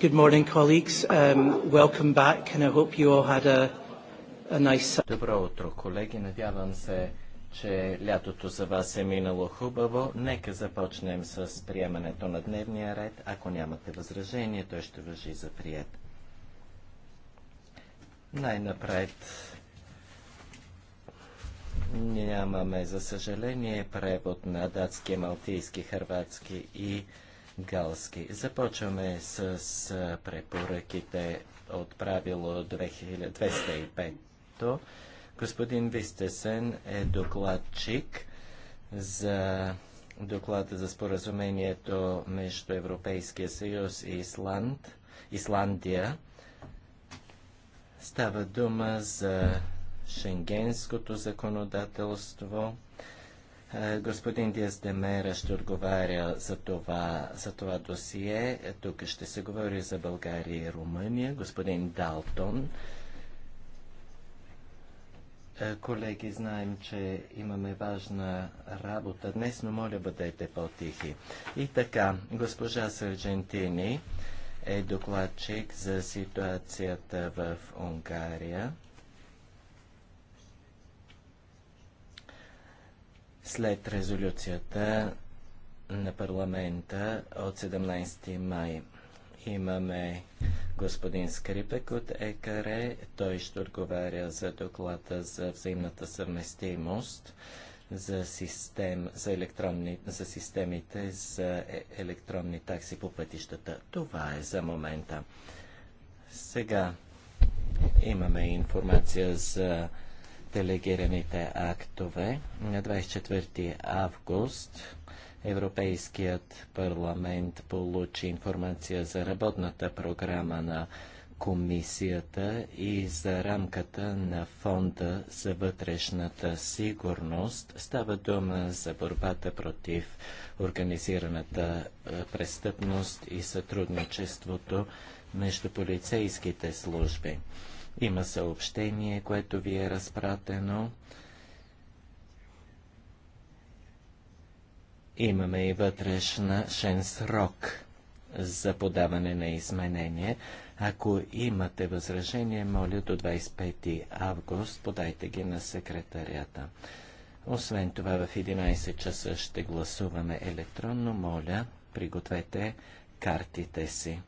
Good morning, colleagues. Um, welcome back, and I hope you all had a, a nice... Добро утро, колеги. Надявам се, че лятото за вас е минало хубаво. Нека започнем с приемането на дневния ред. Ако нямате възражение, той ще въжи за прият. Най-напред нямаме, за съжаление, превод на датски, малтийски, хърватски и Галски. Започваме с препоръките от правило -то. Господин Вистесен е докладчик за доклада за споразумението между Европейския съюз и Исланд, Исландия. Става дума за шенгенското законодателство – е, господин Диас Демера ще отговаря за това, за това досие. Е, тук ще се говори за България и Румъния. Господин Далтон. Е, колеги, знаем, че имаме важна работа днес, но моля бъдете по-тихи. И така, госпожа Сърджентини е докладчик за ситуацията в Унгария. след резолюцията на парламента от 17 май. Имаме господин Скрипек от ЕКАРЕ. Той ще отговаря за доклада за взаимната съвместимост за, систем, за, електронни, за системите за е, електронни такси по пътищата. Това е за момента. Сега имаме информация за делегираните актове. На 24 август Европейският парламент получи информация за работната програма на комисията и за рамката на фонда за вътрешната сигурност. Става дума за борбата против организираната е, престъпност и сътрудничеството между полицейските служби. Има съобщение, което ви е разпратено. Имаме и шен срок за подаване на изменение. Ако имате възражение, моля до 25 август подайте ги на секретарията. Освен това, в 11 часа ще гласуваме електронно. Моля, пригответе картите си.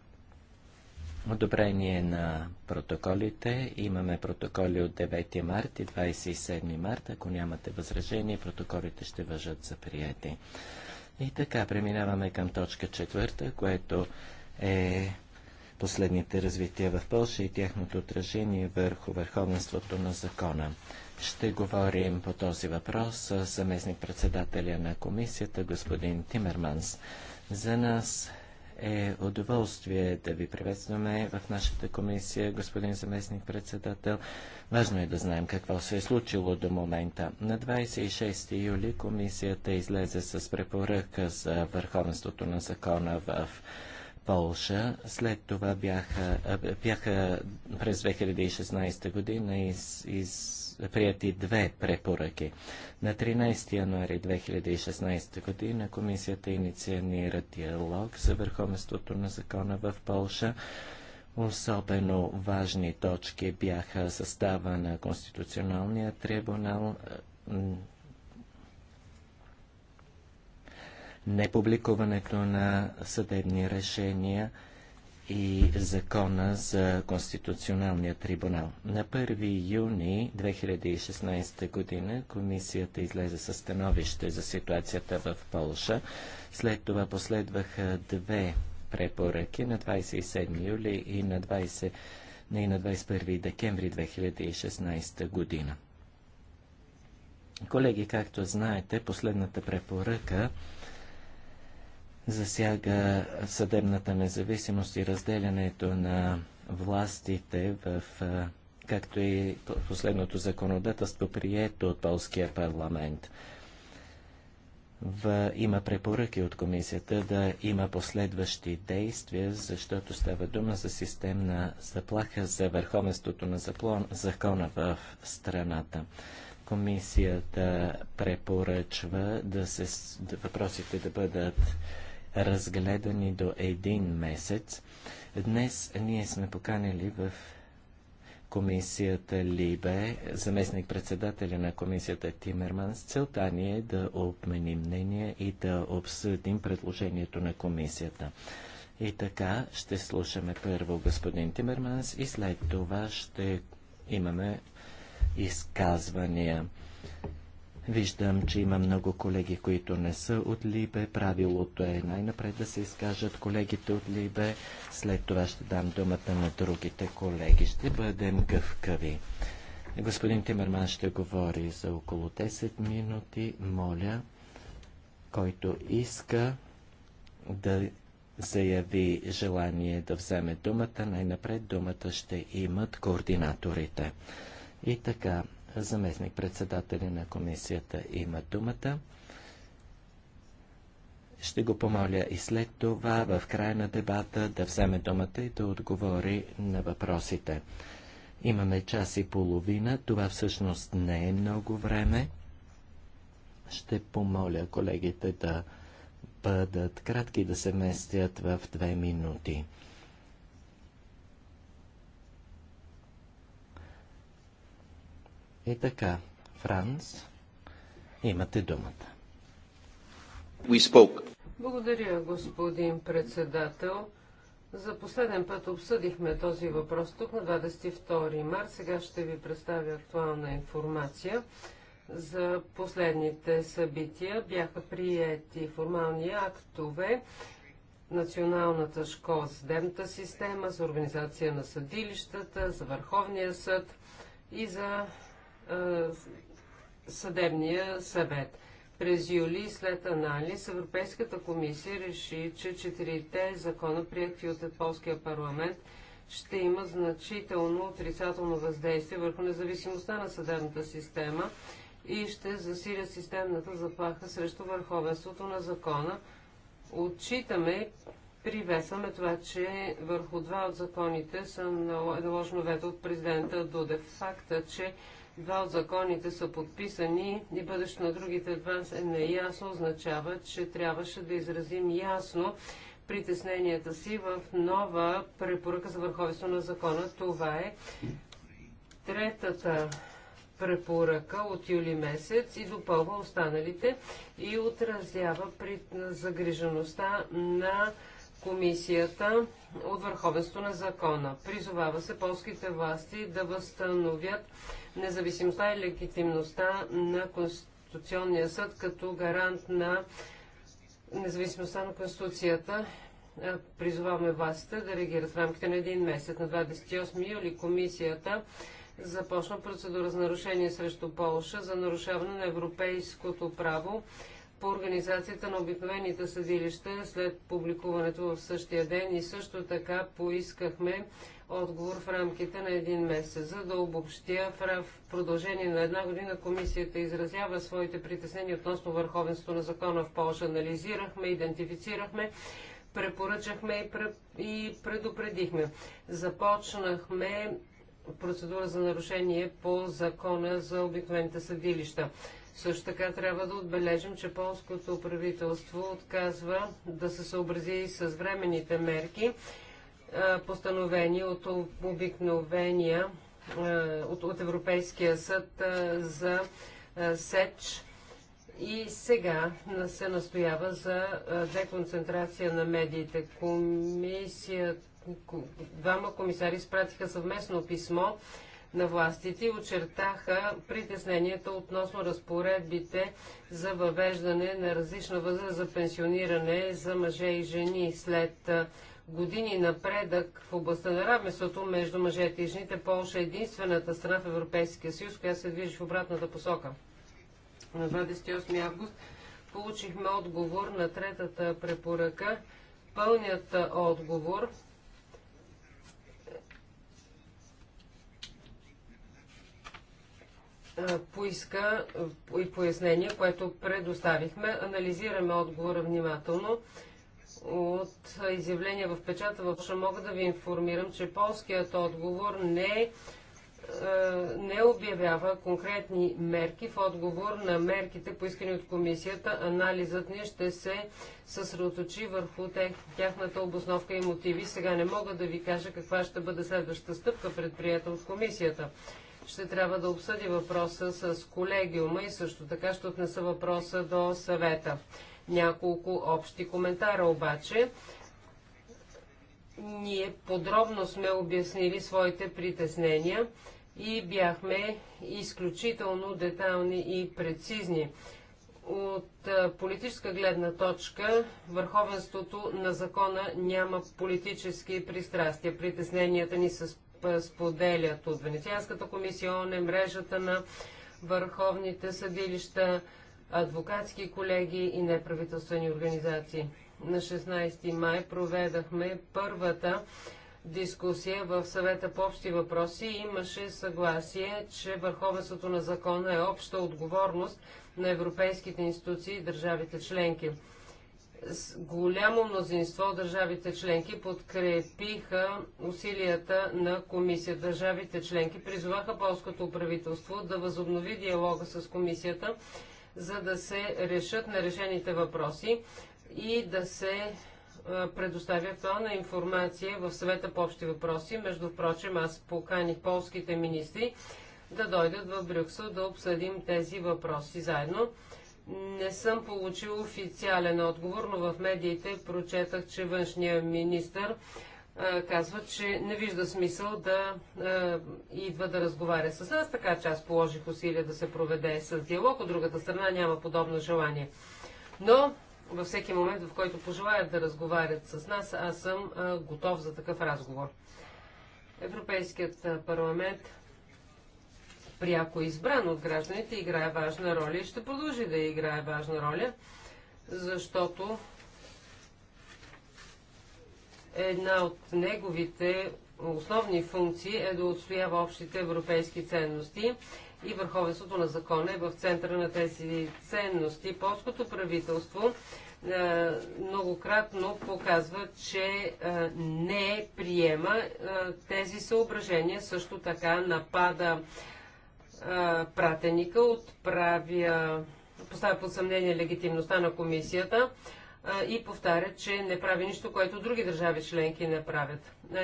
Одобрение на протоколите. Имаме протоколи от 9 март и 27 марта. Ако нямате възражение, протоколите ще въжат за прияти. И така, преминаваме към точка четвърта, което е последните развития в Польша и тяхното отражение върху върховенството на закона. Ще говорим по този въпрос с заместник-председателя на комисията, господин Тимерманс. За нас е удоволствие да ви приветстваме в нашата комисия, господин заместник председател. Важно е да знаем какво се е случило до момента. На 26 юли комисията излезе с препоръка за върховенството на закона в Полша. След това бяха, бяха през 2016 година из, из прияти две препоръки. На 13 януари 2016 година комисията инициира диалог за върховенството на закона в Полша. Особено важни точки бяха състава на Конституционалния трибунал, непубликуването на съдебни решения – и закона за Конституционалния трибунал. На 1 юни 2016 година комисията излезе със становище за ситуацията в Полша. След това последваха две препоръки на 27 юли и на, 20, не, на 21 декември 2016 година. Колеги, както знаете, последната препоръка засяга съдебната независимост и разделянето на властите в както и последното законодателство, прието от полския парламент. В, има препоръки от комисията да има последващи действия, защото става дума за системна заплаха за върховенството на заплон, закона в страната. Комисията препоръчва да се, да въпросите да бъдат разгледани до един месец. Днес ние сме поканили в комисията Либе, заместник председателя на комисията Тимерман, с целта ни е да обменим мнение и да обсъдим предложението на комисията. И така ще слушаме първо господин Тимерманс и след това ще имаме изказвания. Виждам, че има много колеги, които не са от Либе. Правилото е най-напред да се изкажат колегите от Либе. След това ще дам думата на другите колеги. Ще бъдем гъвкави. Господин Тимерман ще говори за около 10 минути. Моля, който иска да заяви желание да вземе думата, най-напред думата ще имат координаторите. И така, Заместник председателя на комисията има думата. Ще го помоля и след това, в края на дебата, да вземе думата и да отговори на въпросите. Имаме час и половина, това всъщност не е много време. Ще помоля колегите да бъдат кратки да се местят в две минути. И така, Франс, имате думата. We spoke. Благодаря, господин председател. За последен път обсъдихме този въпрос тук на 22 март. Сега ще ви представя актуална информация за последните събития. Бяха приети формални актове Националната школа, съдебната система, за организация на съдилищата, за Върховния съд и за е, съдебния съвет. През юли, след анализ, Европейската комисия реши, че четирите закона, приятели от полския парламент, ще има значително отрицателно въздействие върху независимостта на съдебната система и ще засиля системната заплаха срещу върховенството на закона. Отчитаме, приветстваме това, че върху два от законите са наложено вето от президента Дудев. Факта, че Два от законите са подписани и бъдещето на другите два е неясно, означава, че трябваше да изразим ясно притесненията си в нова препоръка за върховенство на закона. Това е третата препоръка от юли месец и допълва останалите и отразява при загрижеността на комисията от върховенство на закона. Призовава се полските власти да възстановят независимостта и легитимността на Конституционния съд като гарант на независимостта на Конституцията. Е, призоваваме вас да реагират в рамките на един месец. На 28 юли комисията започна процедура за нарушение срещу Полша за нарушаване на европейското право по организацията на обикновените съдилища след публикуването в същия ден и също така поискахме отговор в рамките на един месец. За да обобщя, в продължение на една година комисията изразява своите притеснения относно върховенство на закона в Польша. Анализирахме, идентифицирахме препоръчахме и предупредихме. Започнахме процедура за нарушение по закона за обикновените съдилища. Също така трябва да отбележим, че полското правителство отказва да се съобрази с временните мерки постановени от обикновения от, от Европейския съд за СЕЧ. И сега се настоява за деконцентрация на медиите. Комисията, двама комисари спратиха съвместно писмо на властите и очертаха притесненията относно разпоредбите за въвеждане на различна възраст за пенсиониране за мъже и жени след години напредък в областта на равенството между мъжете и жените. Полша е единствената страна в Европейския съюз, която се движи в обратната посока. На 28 август получихме отговор на третата препоръка. Пълният отговор е, поиска и пояснение, което предоставихме. Анализираме отговора внимателно от изявления в печата в Польша мога да ви информирам, че полският отговор не, е, не обявява конкретни мерки в отговор на мерките, поискани от комисията. Анализът ни ще се съсредоточи върху тяхната обосновка и мотиви. Сега не мога да ви кажа каква ще бъде следващата стъпка, предприята от комисията ще трябва да обсъди въпроса с колегиума и също така ще отнеса въпроса до съвета няколко общи коментара обаче. Ние подробно сме обяснили своите притеснения и бяхме изключително детални и прецизни. От политическа гледна точка, върховенството на закона няма политически пристрастия. Притесненията ни се споделят от Венецианската комисия, ОНЕ, мрежата на върховните съдилища, адвокатски колеги и неправителствени организации. На 16 май проведахме първата дискусия в съвета по общи въпроси и имаше съгласие, че върховенството на закона е обща отговорност на европейските институции и държавите членки. С голямо мнозинство държавите членки подкрепиха усилията на комисията. Държавите членки призоваха полското правителство да възобнови диалога с комисията за да се решат нарешените въпроси и да се е, предоставя актуална информация в съвета по общи въпроси. Между прочим, аз поканих полските министри да дойдат в Брюксел да обсъдим тези въпроси заедно. Не съм получил официален отговор, но в медиите прочетах, че външния министр казва, че не вижда смисъл да а, идва да разговаря с нас, така че аз положих усилия да се проведе с диалог, от другата страна няма подобно желание. Но във всеки момент, в който пожелаят да разговарят с нас, аз съм а, готов за такъв разговор. Европейският парламент, пряко избран от гражданите, играе важна роля и ще продължи да играе важна роля, защото Една от неговите основни функции е да отстоява общите европейски ценности и върховенството на закона е в центъра на тези ценности. Полското правителство е, многократно показва, че е, не приема е, тези съображения. Също така напада пратеника, отправя, поставя под съмнение легитимността на комисията и повтаря, че не прави нищо, което други държави членки не правят.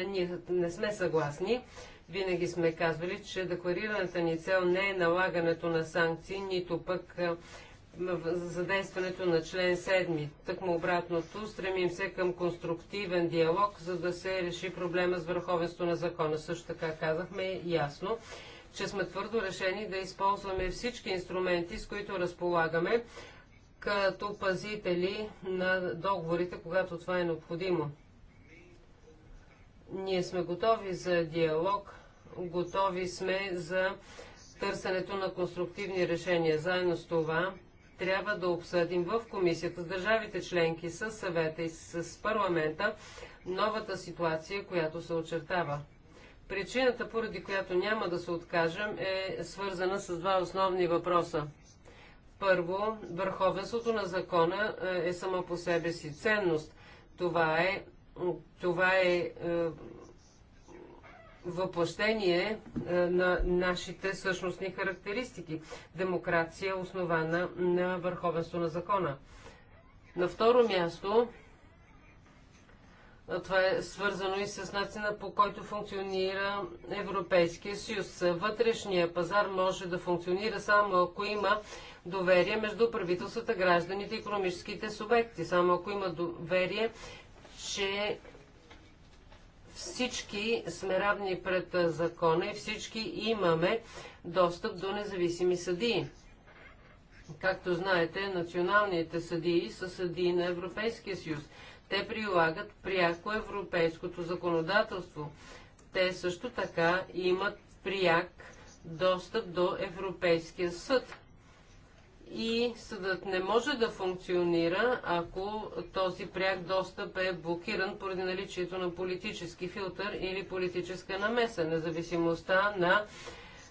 Ние не сме съгласни. Винаги сме казвали, че декларираната ни цел не е налагането на санкции, нито пък задействането на член 7. Тъкмо обратното, стремим се към конструктивен диалог, за да се реши проблема с върховенство на закона. Също така казахме ясно, че сме твърдо решени да използваме всички инструменти, с които разполагаме, като пазители на договорите, когато това е необходимо. Ние сме готови за диалог, готови сме за търсенето на конструктивни решения. Заедно с това трябва да обсъдим в комисията с държавите членки, с съвета и с парламента новата ситуация, която се очертава. Причината, поради която няма да се откажем, е свързана с два основни въпроса. Първо, върховенството на закона е, е само по себе си ценност. Това е, това е, е въплъщение е, на нашите същностни характеристики. Демокрация, основана на върховенство на закона. На второ място, това е свързано и с начина по който функционира Европейския съюз. Вътрешния пазар може да функционира само ако има доверие между правителствата, гражданите и економическите субекти. Само ако има доверие, че всички сме равни пред закона и всички имаме достъп до независими съдии. Както знаете, националните съдии са съдии на Европейския съюз. Те прилагат пряко европейското законодателство. Те също така имат пряк достъп до Европейския съд. И съдът не може да функционира, ако този пряк достъп е блокиран поради наличието на политически филтър или политическа намеса. Независимостта на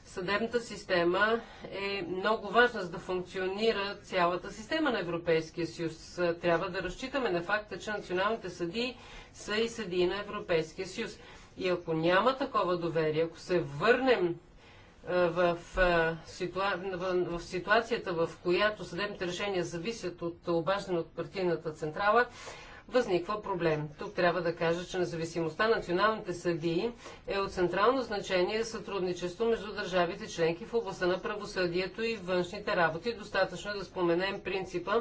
Съдебната система е много важна, за да функционира цялата система на Европейския съюз. Трябва да разчитаме на факта, че националните съдии са и съдии на Европейския съюз. И ако няма такова доверие, ако се върнем е, в, е, ситуа... в ситуацията, в която съдебните решения зависят от обаждане от партийната централа, възниква проблем. Тук трябва да кажа, че независимостта на националните съдии е от централно значение сътрудничество между държавите членки в областта на правосъдието и външните работи. Достатъчно е да споменем принципа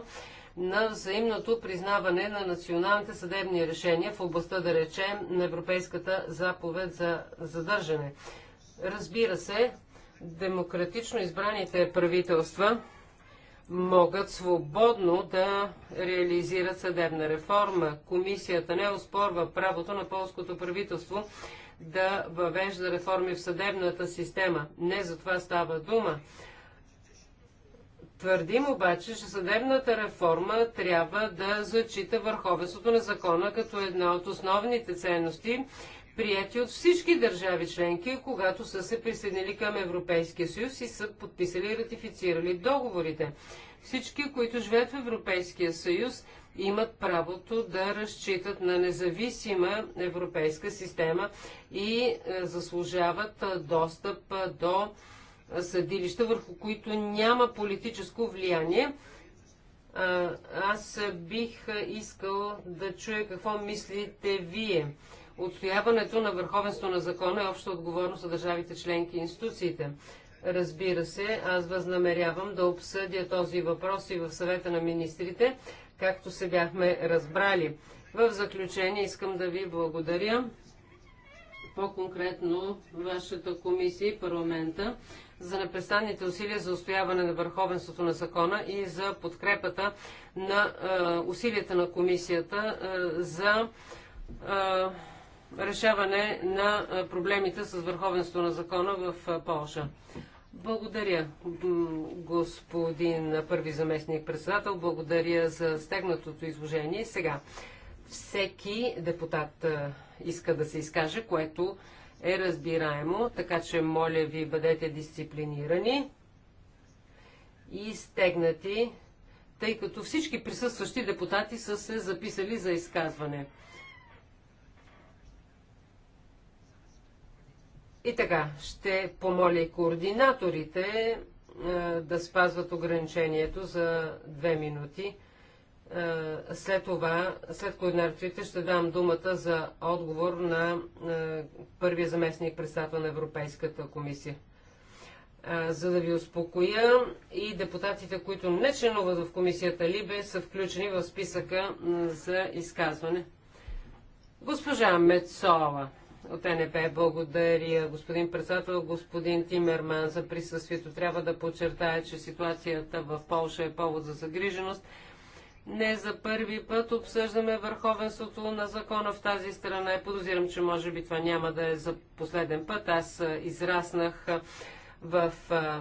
на взаимното признаване на националните съдебни решения в областта, да речем, на Европейската заповед за задържане. Разбира се, демократично избраните правителства могат свободно да реализират съдебна реформа. Комисията не оспорва правото на полското правителство да въвежда реформи в съдебната система. Не за това става дума. Твърдим обаче, че съдебната реформа трябва да зачита върховенството на закона като една от основните ценности прияти от всички държави членки, когато са се присъединили към Европейския съюз и са подписали и ратифицирали договорите. Всички, които живеят в Европейския съюз, имат правото да разчитат на независима европейска система и е, заслужават е, достъп е, до съдилища, върху които няма политическо влияние. Аз бих искал да чуя какво мислите вие. Отстояването на върховенство на закона е обща отговорност на държавите членки и институциите. Разбира се, аз възнамерявам да обсъдя този въпрос и в съвета на министрите, както се бяхме разбрали. В заключение искам да ви благодаря по-конкретно вашата комисия и парламента за непрестанните усилия за устояване на върховенството на закона и за подкрепата на е, усилията на комисията е, за е, решаване на проблемите с върховенство на закона в Полша. Благодаря, господин първи заместник председател. Благодаря за стегнатото изложение. Сега, всеки депутат иска да се изкаже, което е разбираемо, така че моля ви бъдете дисциплинирани и стегнати, тъй като всички присъстващи депутати са се записали за изказване. И така, ще помоля координаторите е, да спазват ограничението за две минути. Е, след това, след координаторите, ще дам думата за отговор на е, първия заместник председател на Европейската комисия. За да ви успокоя и депутатите, които не членуват в комисията Либе, са включени в списъка за изказване. Госпожа Мецова от НП. Благодаря, господин председател, господин Тимерман за присъствието. Трябва да подчертая, че ситуацията в Польша е повод за загриженост. Не за първи път обсъждаме върховенството на закона в тази страна и подозирам, че може би това няма да е за последен път. Аз израснах в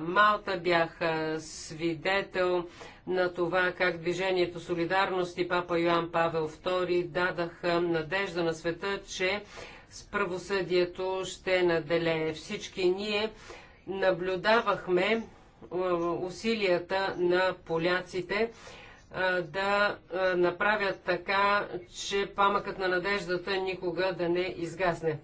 Малта, бях свидетел на това как движението Солидарност и Папа Йоан Павел II дадаха надежда на света, че с правосъдието ще наделее. Всички ние наблюдавахме е, усилията на поляците е, да е, направят така, че памъкът на надеждата никога да не изгасне.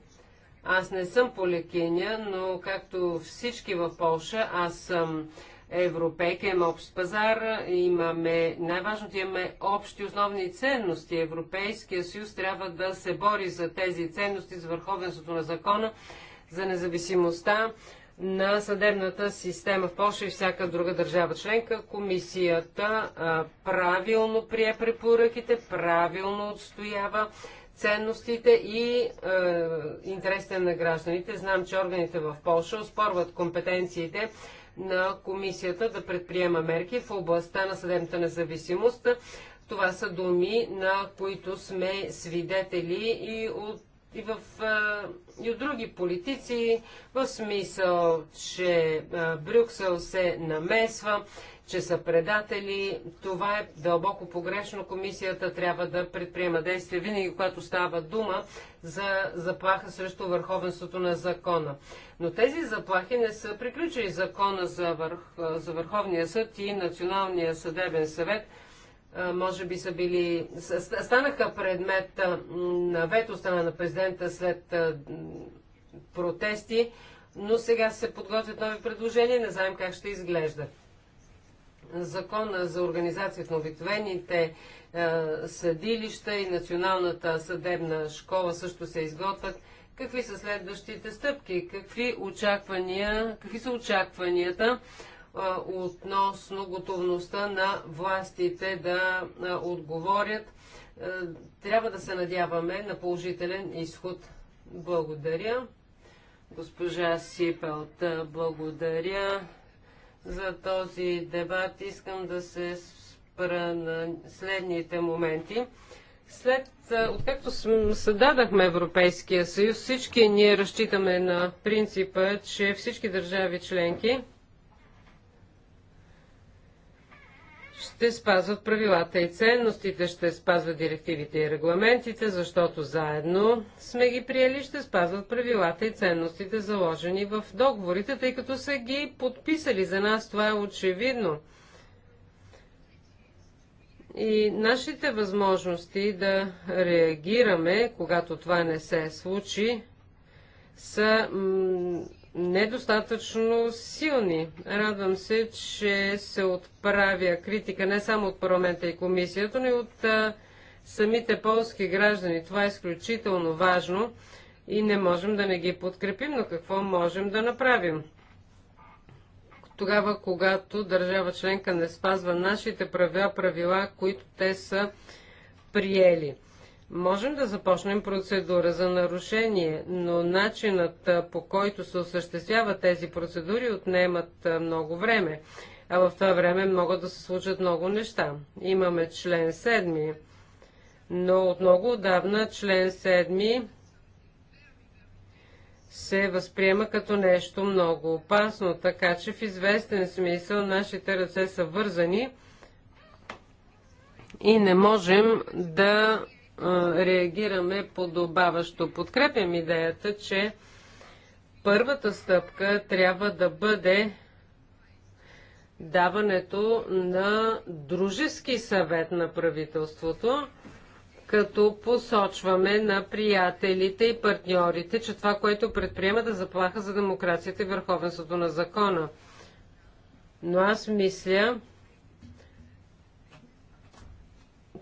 Аз не съм полекиня, но както всички в Полша, аз съм европейкем общ пазар, имаме, най-важното имаме общи основни ценности. Европейския съюз трябва да се бори за тези ценности, за върховенството на закона, за независимостта на съдебната система в Польша и всяка друга държава членка. Комисията а, правилно прие препоръките, правилно отстоява ценностите и е, интересите на гражданите. Знам, че органите в Польша оспорват компетенциите на комисията да предприема мерки в областта на съдебната независимост. Това са думи, на които сме свидетели и от и, в, и от други политици, в смисъл, че Брюксел се намесва че са предатели. Това е дълбоко погрешно. Комисията трябва да предприема действия винаги, когато става дума за заплаха срещу върховенството на закона. Но тези заплахи не са приключили. Закона за, върх, за Върховния съд и Националния съдебен съвет може би са били, станаха предмет на вето страна на президента след протести, но сега се подготвят нови предложения, не знаем как ще изглеждат закона за организацията на обикновените е, съдилища и Националната съдебна школа също се изготвят. Какви са следващите стъпки? Какви, очаквания, какви са очакванията е, относно готовността на властите да е, отговорят? трябва да се надяваме на положителен изход. Благодаря. Госпожа Сипелт, благодаря за този дебат. Искам да се спра на следните моменти. След, откакто създадахме Европейския съюз, всички ние разчитаме на принципа, че всички държави членки ще спазват правилата и ценностите, ще спазват директивите и регламентите, защото заедно сме ги приели, ще спазват правилата и ценностите, заложени в договорите, тъй като са ги подписали. За нас това е очевидно. И нашите възможности да реагираме, когато това не се случи, са недостатъчно силни. Радвам се, че се отправя критика не само от парламента и комисията, но и от а, самите полски граждани. Това е изключително важно и не можем да не ги подкрепим, но какво можем да направим? Тогава, когато държава членка не спазва нашите правила, правила, които те са приели. Можем да започнем процедура за нарушение, но начинът по който се осъществяват тези процедури отнемат много време. А в това време могат да се случат много неща. Имаме член 7, но от много отдавна член 7 се възприема като нещо много опасно, така че в известен смисъл нашите ръце са вързани и не можем да реагираме подобаващо. Подкрепям идеята, че първата стъпка трябва да бъде даването на дружески съвет на правителството, като посочваме на приятелите и партньорите, че това, което предприемат е да заплаха за демокрацията и върховенството на закона. Но аз мисля,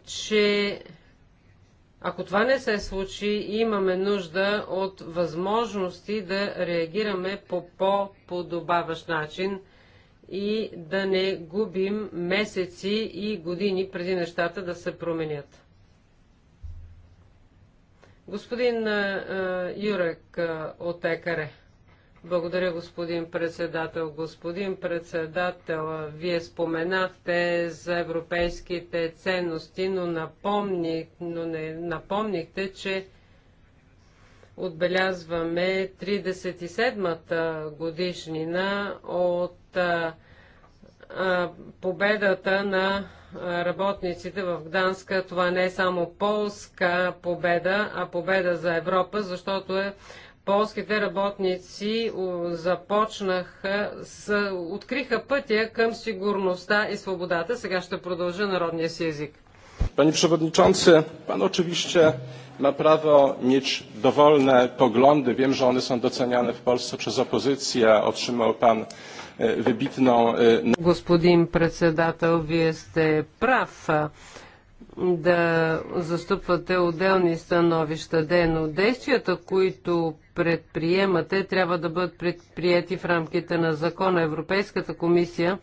че ако това не се случи, имаме нужда от възможности да реагираме по по-подобаващ начин и да не губим месеци и години преди нещата да се променят. Господин Юрек от ЕКАРЕ. Благодаря, господин председател. Господин председател, вие споменахте за европейските ценности, но, напомни, но не, напомнихте, че отбелязваме 37-та годишнина от а, а, победата на работниците в Гданска. Това не е само полска победа, а победа за Европа, защото е полските работници започнаха, с, откриха пътя към сигурността и свободата. Сега ще продължа народния си език. Panie Przewodniczący, Pan oczywiście ma prawo mieć dowolne poglądy. Wiem, że one są doceniane w Polsce przez opozycję. Otrzymał Pan e, wybitną... Господин председател, Вие сте прав да застъпвате отделни становища де, но действията, които предприемате, трябва да бъдат предприяти в рамките на закона. Европейската комисия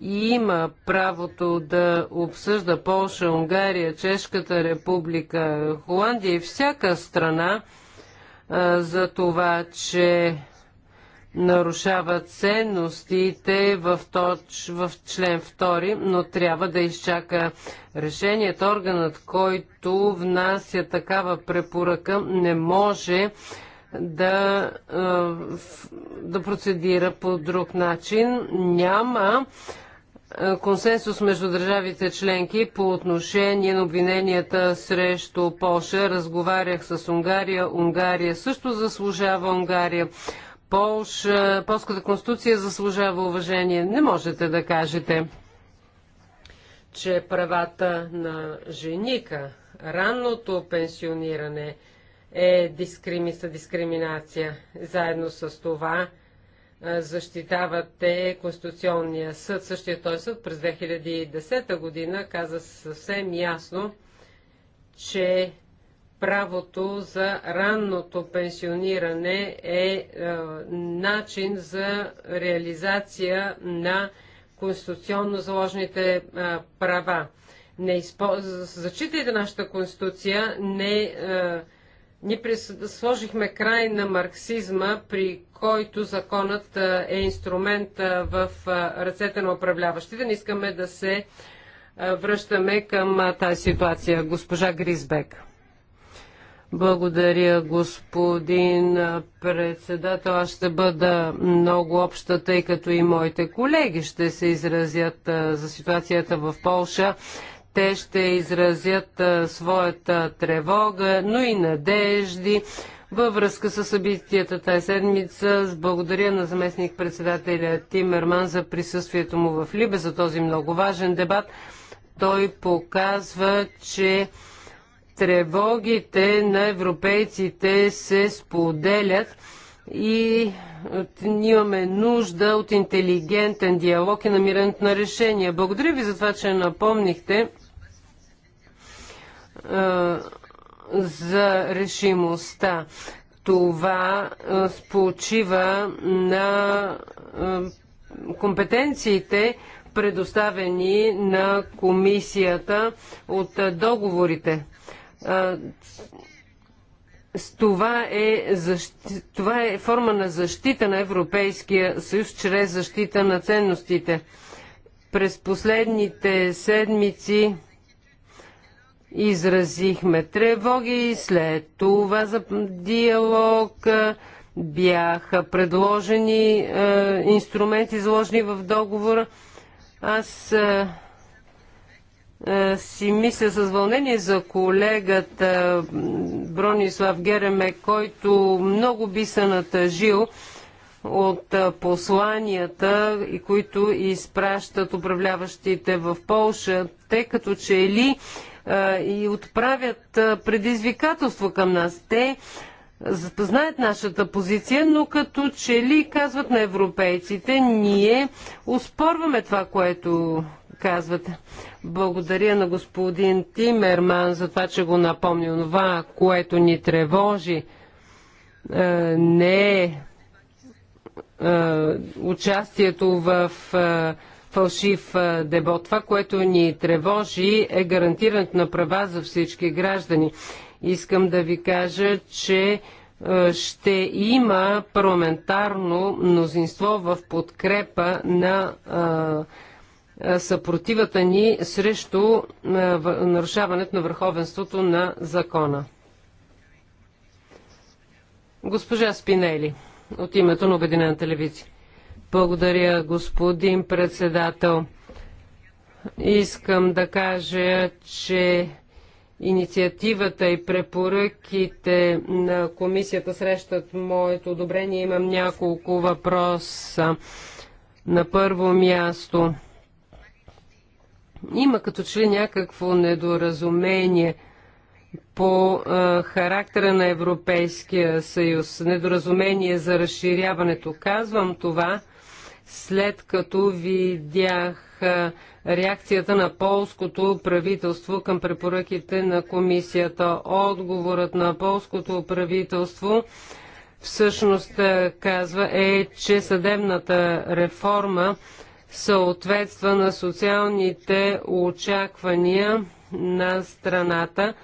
и има правото да обсъжда Полша, Унгария, Чешката република, Холандия и всяка страна за това, че нарушават ценностите в, точ, в член 2, но трябва да изчака решението. Органът, който внася такава препоръка, не може да, да процедира по друг начин. Няма консенсус между държавите членки по отношение на обвиненията срещу Польша. Разговарях с Унгария. Унгария също заслужава Унгария Полша, полската конституция заслужава уважение. Не можете да кажете, че правата на женика, ранното пенсиониране е дискрими, са дискриминация. Заедно с това защитавате Конституционния съд. Същия той съд през 2010 година каза съвсем ясно, че правото за ранното пенсиониране е, е начин за реализация на конституционно заложените е, права. Не изпо... Зачитайте нашата конституция, не е, ние сложихме край на марксизма, при който законът е, е инструмент е, в е, ръцете на управляващите. Не искаме да се връщаме към тази ситуация. Госпожа Гризбек. Благодаря, господин председател. Аз ще бъда много обща, тъй като и моите колеги ще се изразят за ситуацията в Полша. Те ще изразят своята тревога, но и надежди във връзка с събитията тази седмица. Благодаря на заместник председателя Тимерман за присъствието му в Либе за този много важен дебат. Той показва, че Тревогите на европейците се споделят и ние имаме нужда от интелигентен диалог и намирането на решения. Благодаря ви за това, че напомнихте за решимостта. Това спочива на компетенциите, предоставени на комисията от договорите това е, защи... това е форма на защита на Европейския съюз чрез защита на ценностите. През последните седмици изразихме тревоги, след това за диалог бяха предложени е, инструменти, заложени в договора. Аз е, е, си мисля с вълнение за колегата Бронислав Гереме, който много би се натъжил от е, посланията, които изпращат управляващите в Полша, тъй като че ли е, и отправят предизвикателство към нас. Те знаят нашата позиция, но като че ли казват на европейците, ние успорваме това, което казвате. Благодаря на господин Тимерман за това, че го напомни. Това, което ни тревожи, е, не е, е участието в е, фалшив дебот. Това, което ни тревожи, е гарантирането на права за всички граждани. Искам да ви кажа, че ще има парламентарно мнозинство в подкрепа на е, съпротивата ни срещу е, нарушаването на върховенството на закона. Госпожа Спинели от името на Обединената телевизия. Благодаря, господин председател. Искам да кажа, че инициативата и препоръките на комисията срещат моето одобрение. Имам няколко въпроса. На първо място – има като че ли някакво недоразумение по а, характера на Европейския съюз, недоразумение за разширяването. Казвам това, след като видях а, реакцията на полското правителство към препоръките на комисията. Отговорът на полското правителство всъщност казва е, че съдебната реформа съответства на социалните очаквания на страната,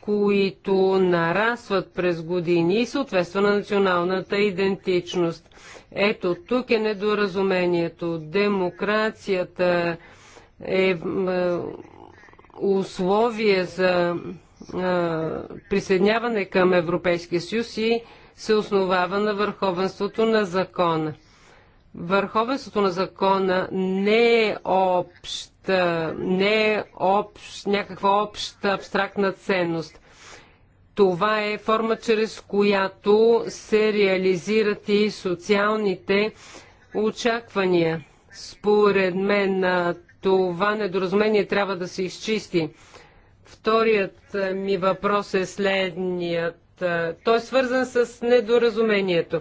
които нарастват през години и съответства на националната идентичност. Ето тук е недоразумението. Демокрацията е, е условие за е, присъединяване към Европейския съюз и се основава на върховенството на закона. Върховенството на закона не е общ, не е общ, някаква обща абстрактна ценност. Това е форма, чрез която се реализират и социалните очаквания. Според мен това недоразумение трябва да се изчисти. Вторият ми въпрос е следният. Той е свързан с недоразумението.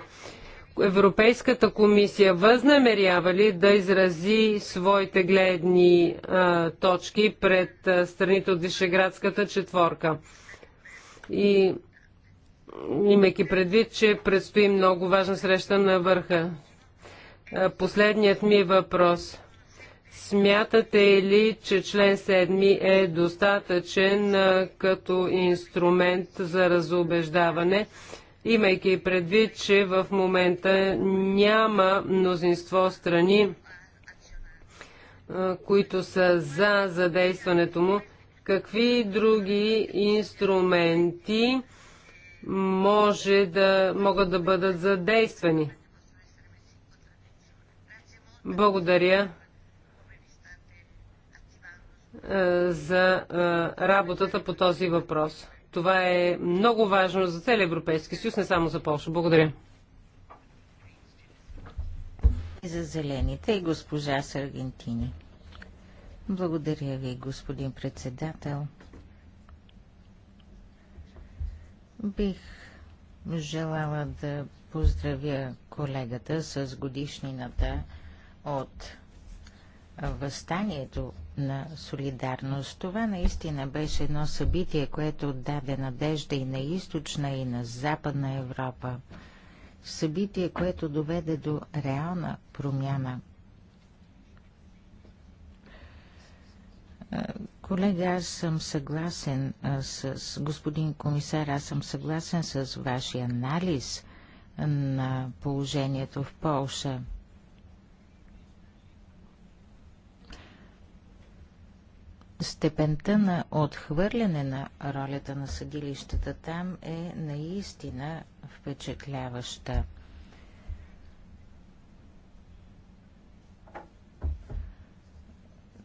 Европейската комисия възнамерява ли да изрази своите гледни а, точки пред а, страните от Вишеградската четворка? И имайки предвид, че предстои много важна среща на върха. А, последният ми въпрос. Смятате ли, че член 7 е достатъчен а, като инструмент за разубеждаване? имайки предвид, че в момента няма мнозинство страни, които са за задействането му, какви други инструменти може да, могат да бъдат задействани? Благодаря за работата по този въпрос. Това е много важно за целия Европейски съюз, не само за Польша. Благодаря. За зелените и госпожа с Аргентини. Благодаря ви, господин председател. Бих желала да поздравя колегата с годишнината от възстанието на солидарност. Това наистина беше едно събитие, което даде надежда и на източна, и на западна Европа. Събитие, което доведе до реална промяна. Колега, аз съм съгласен с господин комисар, аз съм съгласен с вашия анализ на положението в Полша. степента на отхвърляне на ролята на съдилищата там е наистина впечатляваща.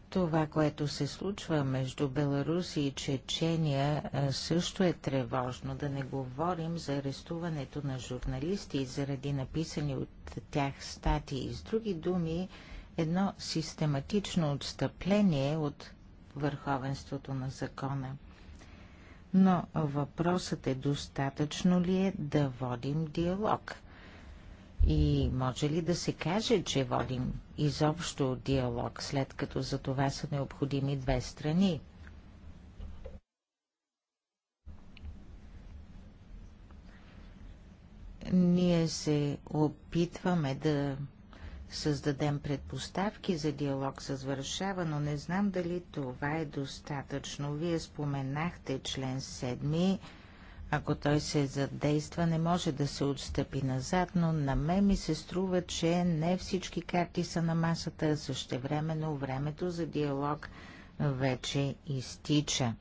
Това, което се случва между Беларус и Чечения, също е тревожно. Да не говорим за арестуването на журналисти заради написани от тях статии. С други думи, едно систематично отстъпление от върховенството на закона. Но въпросът е достатъчно ли е да водим диалог? И може ли да се каже, че водим изобщо диалог, след като за това са необходими две страни? Ние се опитваме да създадем предпоставки за диалог с Варшава, но не знам дали това е достатъчно. Вие споменахте член 7. Ако той се задейства, не може да се отстъпи назад, но на мен ми се струва, че не всички карти са на масата, а същевременно времето за диалог вече изтича.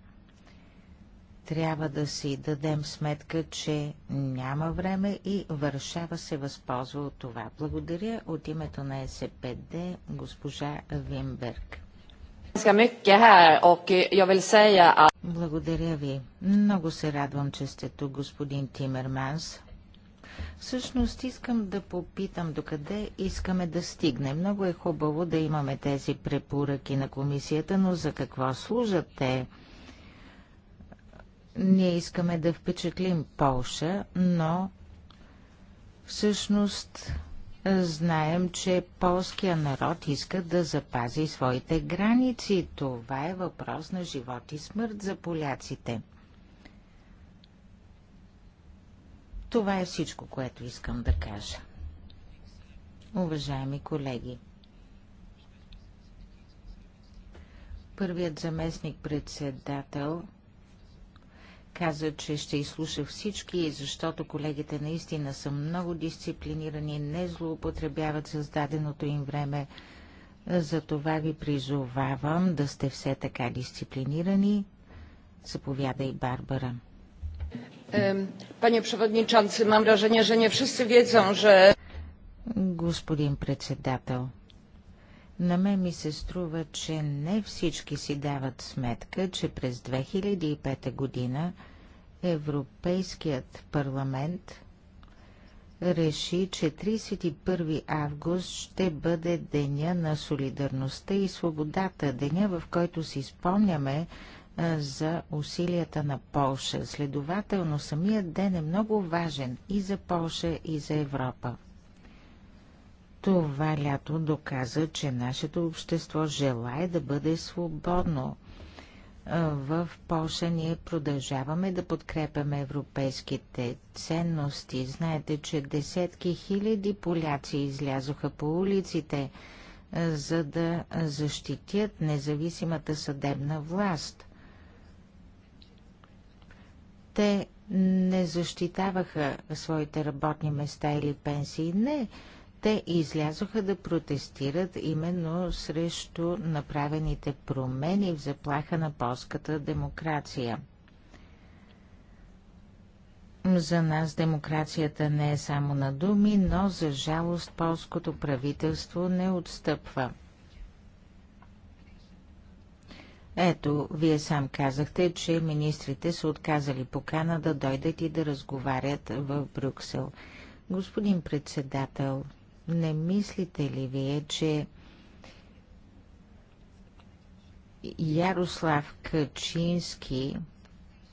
Трябва да си дадем сметка, че няма време и Варшава се възползва от това. Благодаря от името на СПД госпожа Вимберг. Благодаря ви. Много се радвам, че сте тук, господин Тимерманс. Всъщност искам да попитам докъде искаме да стигне. Много е хубаво да имаме тези препоръки на комисията, но за какво служат те? Ние искаме да впечатлим Полша, но всъщност знаем, че полския народ иска да запази своите граници. Това е въпрос на живот и смърт за поляците. Това е всичко, което искам да кажа. Уважаеми колеги, първият заместник председател каза, че ще изслуша всички, защото колегите наистина са много дисциплинирани, не злоупотребяват създаденото им време. Затова ви призовавам да сте все така дисциплинирани. Заповядай, Барбара. Пане председател, имам вражение, че не всички знаят, че... Господин председател, на мен ми се струва, че не всички си дават сметка, че през 2005 година Европейският парламент реши, че 31 август ще бъде деня на солидарността и свободата, деня в който си спомняме за усилията на Полша. Следователно, самият ден е много важен и за Полша, и за Европа. Това лято доказа, че нашето общество желае да бъде свободно. В Польша ние продължаваме да подкрепяме европейските ценности. Знаете, че десетки хиляди поляци излязоха по улиците, за да защитят независимата съдебна власт. Те не защитаваха своите работни места или пенсии. Не, те излязоха да протестират именно срещу направените промени в заплаха на полската демокрация. За нас демокрацията не е само на думи, но за жалост полското правителство не отстъпва. Ето, вие сам казахте, че министрите са отказали покана да дойдат и да разговарят в Брюксел. Господин председател, не мислите ли вие, че Ярослав Качински,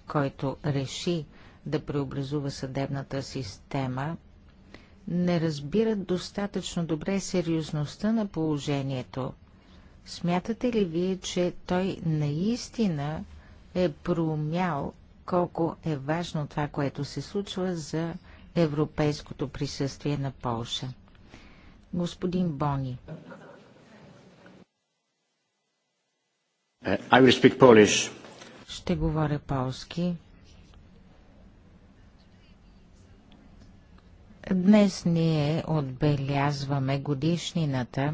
който реши да преобразува съдебната система, не разбират достатъчно добре сериозността на положението. Смятате ли вие, че той наистина е проумял колко е важно това, което се случва за европейското присъствие на Полша? господин Бони. Uh, I will speak Polish. Ще говоря полски. Днес ние отбелязваме годишнината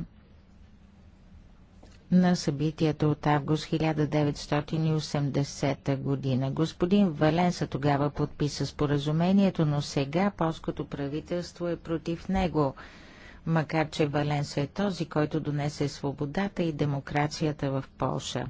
на събитията от август 1980 година. Господин Валенса тогава подписа споразумението, но сега полското правителство е против него макар че Валенса е този, който донесе свободата и демокрацията в Полша.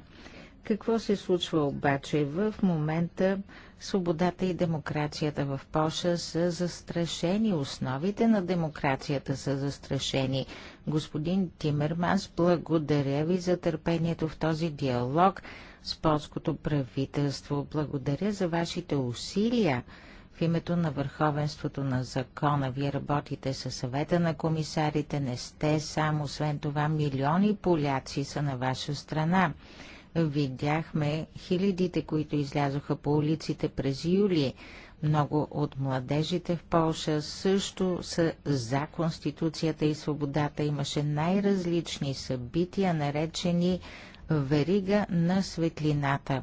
Какво се случва обаче в момента? Свободата и демокрацията в Польша са застрашени. Основите на демокрацията са застрашени. Господин Тимерманс, благодаря ви за търпението в този диалог с полското правителство. Благодаря за вашите усилия в името на върховенството на закона. Вие работите със съвета на комисарите, не сте сам, освен това милиони поляци са на ваша страна. Видяхме хилядите, които излязоха по улиците през юли. Много от младежите в Полша също са за Конституцията и свободата. Имаше най-различни събития, наречени верига на светлината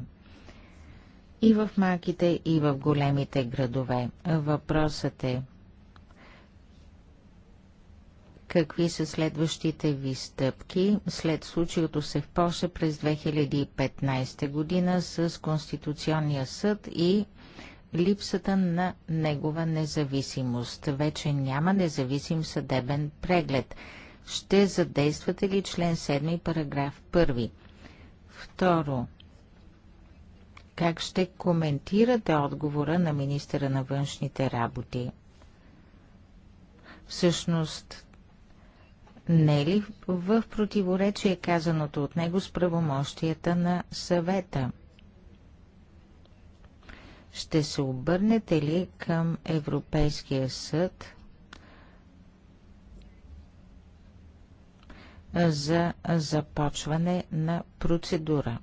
и в малките, и в големите градове. Въпросът е какви са следващите ви стъпки след случилото се в Польша през 2015 година с Конституционния съд и липсата на негова независимост. Вече няма независим съдебен преглед. Ще задействате ли член 7 параграф 1? Второ, как ще коментирате отговора на министъра на външните работи? Всъщност, не е ли в противоречие казаното от него с правомощията на съвета? Ще се обърнете ли към Европейския съд за започване на процедура?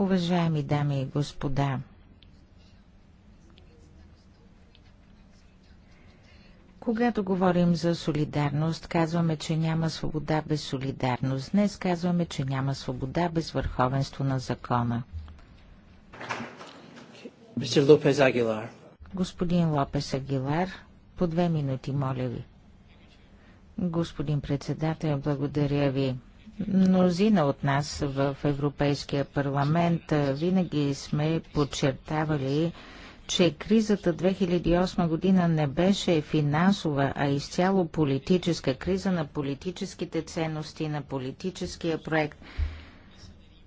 Уважаеми дами и господа, Когато говорим за солидарност, казваме, че няма свобода без солидарност. Днес казваме, че няма свобода без върховенство на закона. Господин Лопес Агилар, по две минути, моля ви. Господин председател, благодаря ви. Мнозина от нас в Европейския парламент винаги сме подчертавали, че кризата 2008 година не беше финансова, а изцяло политическа криза на политическите ценности, на политическия проект.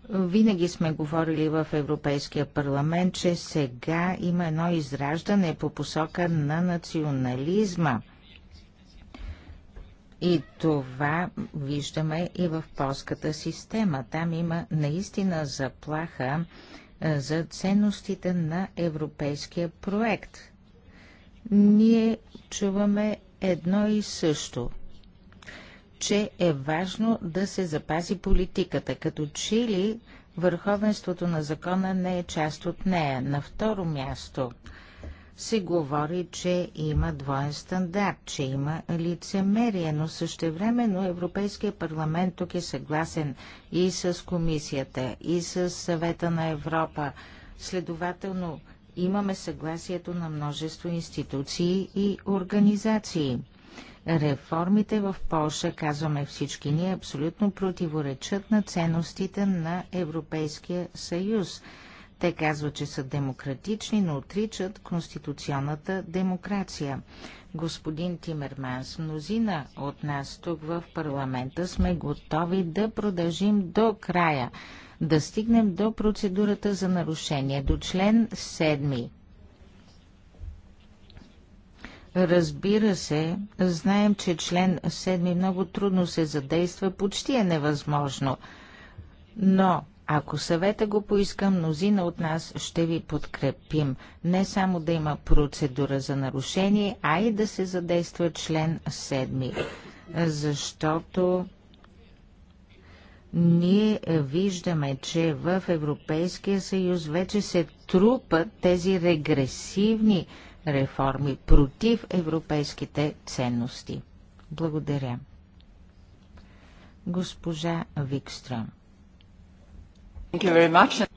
Винаги сме говорили в Европейския парламент, че сега има едно израждане по посока на национализма – и това виждаме и в полската система. Там има наистина заплаха за ценностите на европейския проект. Ние чуваме едно и също че е важно да се запази политиката, като че ли върховенството на закона не е част от нея. На второ място – се говори, че има двоен стандарт, че има лицемерие, но същевременно Европейския парламент тук е съгласен и с комисията, и с съвета на Европа. Следователно, имаме съгласието на множество институции и организации. Реформите в Польша, казваме всички ние, абсолютно противоречат на ценностите на Европейския съюз – те казват, че са демократични, но отричат конституционната демокрация. Господин Тимерманс, мнозина от нас тук в парламента сме готови да продължим до края, да стигнем до процедурата за нарушение, до член 7. Разбира се, знаем, че член 7 много трудно се задейства, почти е невъзможно. Но ако съвета го поиска, мнозина от нас ще ви подкрепим. Не само да има процедура за нарушение, а и да се задейства член 7. Защото ние виждаме, че в Европейския съюз вече се трупат тези регресивни реформи против европейските ценности. Благодаря. Госпожа Викстрам.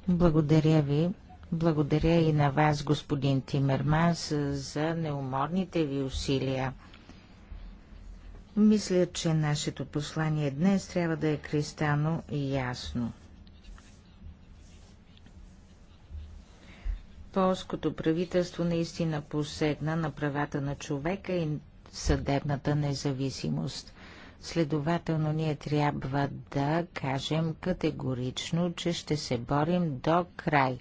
Благодаря ви. Благодаря и на вас, господин Тимерманс, за неуморните ви усилия. Мисля, че нашето послание днес трябва да е кристално и ясно. Полското правителство наистина посегна на правата на човека и съдебната независимост. Следователно ние трябва да кажем категорично, че ще се борим до край.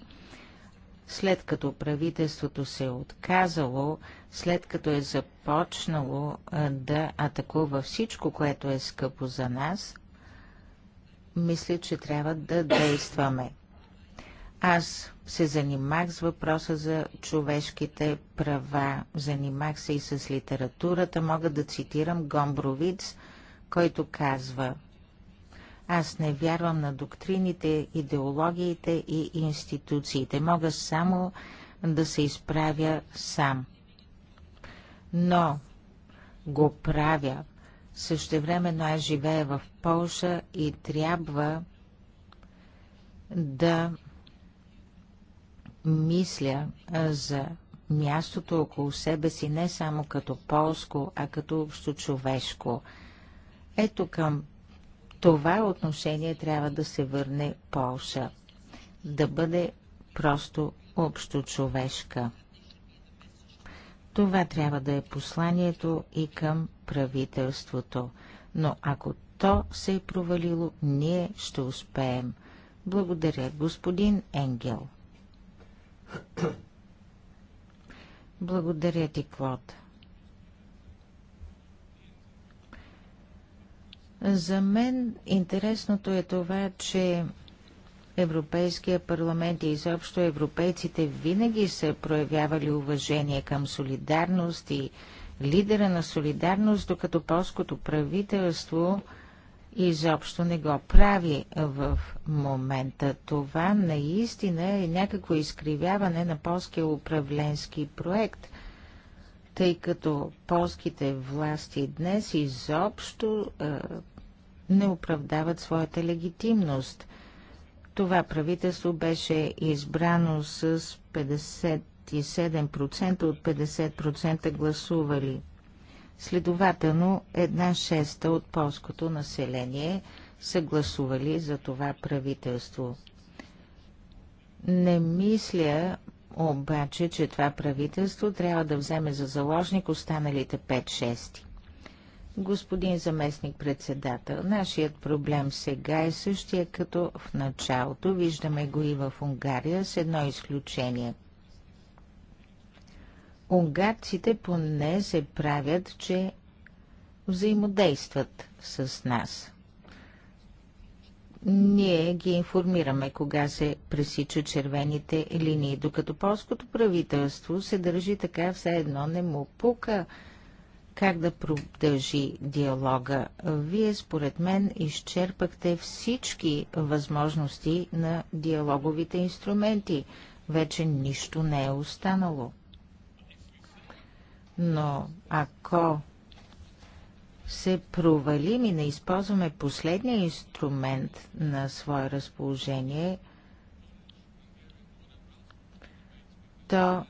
След като правителството се е отказало, след като е започнало да атакува всичко, което е скъпо за нас, мисля, че трябва да действаме. Аз се занимах с въпроса за човешките права, занимах се и с литературата, мога да цитирам Гомбровиц – който казва Аз не вярвам на доктрините, идеологиите и институциите. Мога само да се изправя сам. Но го правя. Същевременно аз живея в Полша и трябва да мисля за мястото около себе си не само като полско, а като общо човешко. Ето към това отношение трябва да се върне Полша. Да бъде просто общо човешка. Това трябва да е посланието и към правителството. Но ако то се е провалило, ние ще успеем. Благодаря, господин Енгел. Благодаря ти, Клод. За мен интересното е това, че Европейския парламент и изобщо европейците винаги са проявявали уважение към солидарност и лидера на солидарност, докато полското правителство изобщо не го прави в момента. Това наистина е някакво изкривяване на полския управленски проект, тъй като полските власти днес изобщо не оправдават своята легитимност. Това правителство беше избрано с 57% от 50% гласували. Следователно, една шеста от полското население са гласували за това правителство. Не мисля обаче, че това правителство трябва да вземе за заложник останалите 5-6. Господин заместник председател, нашият проблем сега е същия като в началото. Виждаме го и в Унгария с едно изключение. Унгарците поне се правят, че взаимодействат с нас. Ние ги информираме, кога се пресича червените линии, докато полското правителство се държи така все едно не му пука – как да продължи диалога. Вие, според мен, изчерпахте всички възможности на диалоговите инструменти. Вече нищо не е останало. Но ако се провалим и не използваме последния инструмент на свое разположение, то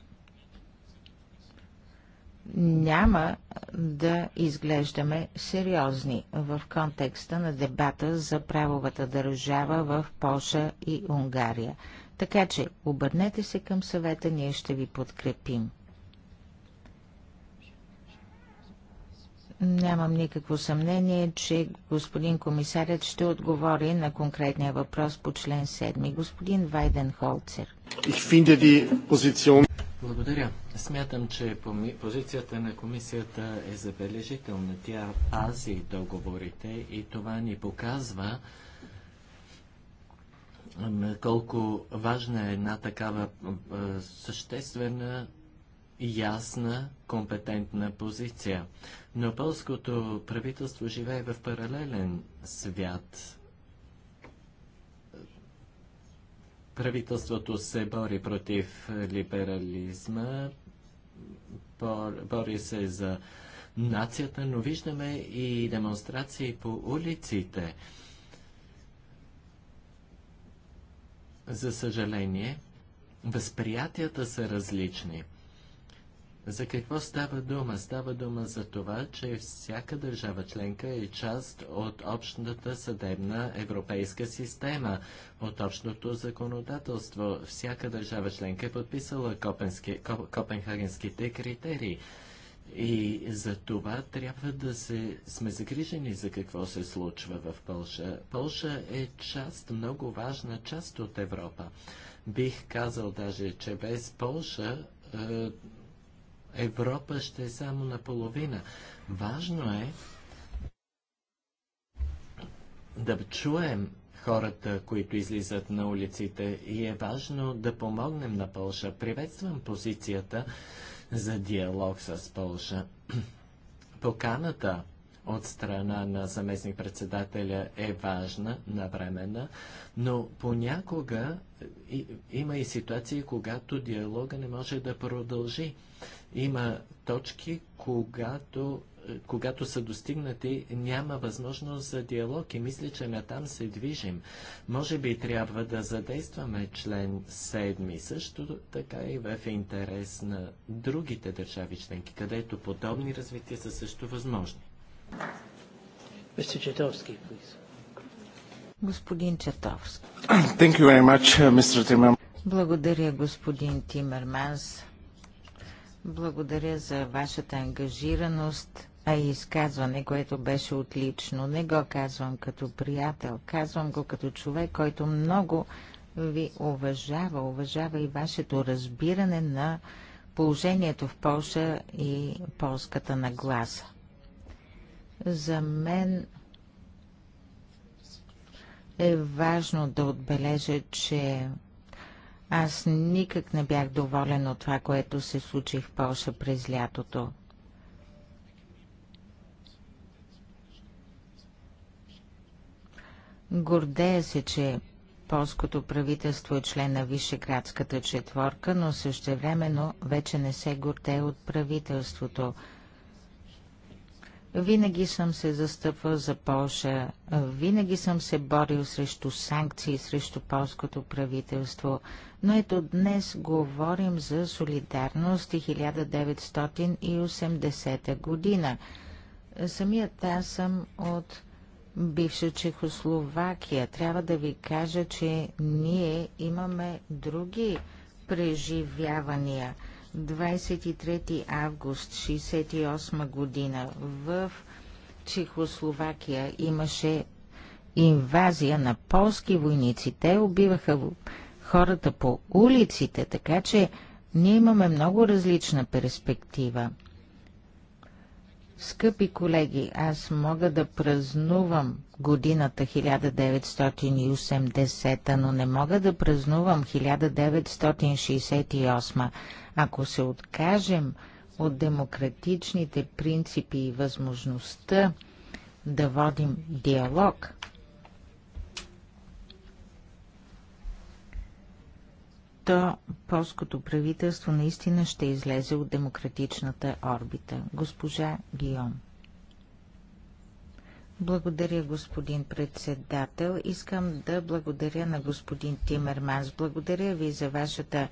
няма да изглеждаме сериозни в контекста на дебата за правовата държава в Польша и Унгария. Така че обърнете се към съвета, ние ще ви подкрепим. Нямам никакво съмнение, че господин комисарят ще отговори на конкретния въпрос по член 7. Господин Вайден Холцер. Position... Благодаря. Смятам, че позицията на комисията е забележителна. Тя пази договорите и това ни показва колко важна е една такава съществена, ясна, компетентна позиция. Но полското правителство живее в паралелен свят Правителството се бори против либерализма, бори се за нацията, но виждаме и демонстрации по улиците. За съжаление, възприятията са различни – за какво става дума? Става дума за това, че всяка държава членка е част от общата съдебна европейска система, от общото законодателство. Всяка държава членка е подписала копенхагенските критерии. И за това трябва да се, сме загрижени за какво се случва в Пълша. Пълша е част, много важна част от Европа. Бих казал даже, че без Пълша е, Европа ще е само наполовина. Важно е да чуем хората, които излизат на улиците и е важно да помогнем на Пълша. Приветствам позицията за диалог с Пълша. Поканата от страна на заместник-председателя е важна, навременна, но понякога има и ситуации, когато диалога не може да продължи. Има точки, когато, е, когато са достигнати, няма възможност за диалог и мисля, че натам се движим. Може би трябва да задействаме член 7, също така и в интерес на другите държави членки, където подобни развития са също възможни. Господин Четовски. Благодаря, господин Тимерманс. Благодаря за вашата ангажираност, а и изказване, което беше отлично. Не го казвам като приятел, казвам го като човек, който много ви уважава, уважава и вашето разбиране на положението в Польша и полската нагласа. За мен е важно да отбележа, че аз никак не бях доволен от това, което се случи в Польша през лятото. Гордея се, че полското правителство е член на Вишеградската четворка, но същевременно вече не се гордее от правителството – винаги съм се застъпвал за Полша, винаги съм се борил срещу санкции срещу полското правителство, но ето днес говорим за солидарност и 1980 година. Самият аз съм от бивша Чехословакия. Трябва да ви кажа, че ние имаме други преживявания – 23 август 1968 година в Чехословакия имаше инвазия на полски войници. Те убиваха хората по улиците, така че ние имаме много различна перспектива. Скъпи колеги, аз мога да празнувам годината 1980, но не мога да празнувам 1968. Ако се откажем от демократичните принципи и възможността да водим диалог, то полското правителство наистина ще излезе от демократичната орбита. Госпожа Гион. Благодаря, господин председател. Искам да благодаря на господин Тимерманс. Благодаря ви за вашата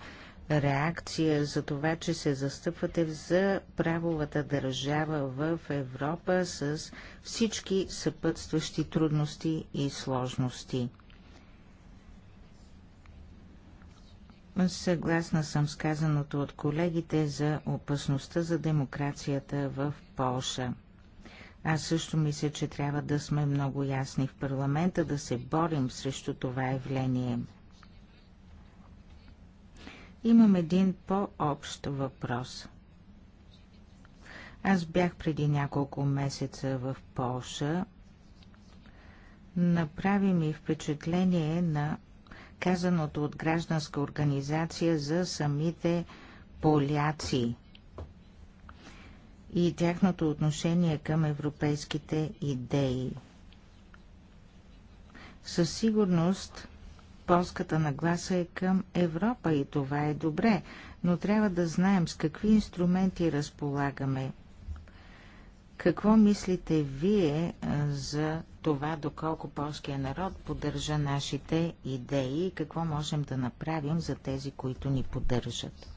реакция за това, че се застъпвате за правовата държава в Европа с всички съпътстващи трудности и сложности. Съгласна съм с казаното от колегите за опасността за демокрацията в Полша. Аз също мисля, че трябва да сме много ясни в парламента, да се борим срещу това явление – Имам един по-общ въпрос. Аз бях преди няколко месеца в Полша. Направи ми впечатление на казаното от гражданска организация за самите поляци и тяхното отношение към европейските идеи. Със сигурност Полската нагласа е към Европа и това е добре, но трябва да знаем с какви инструменти разполагаме. Какво мислите вие за това, доколко полския народ поддържа нашите идеи и какво можем да направим за тези, които ни поддържат?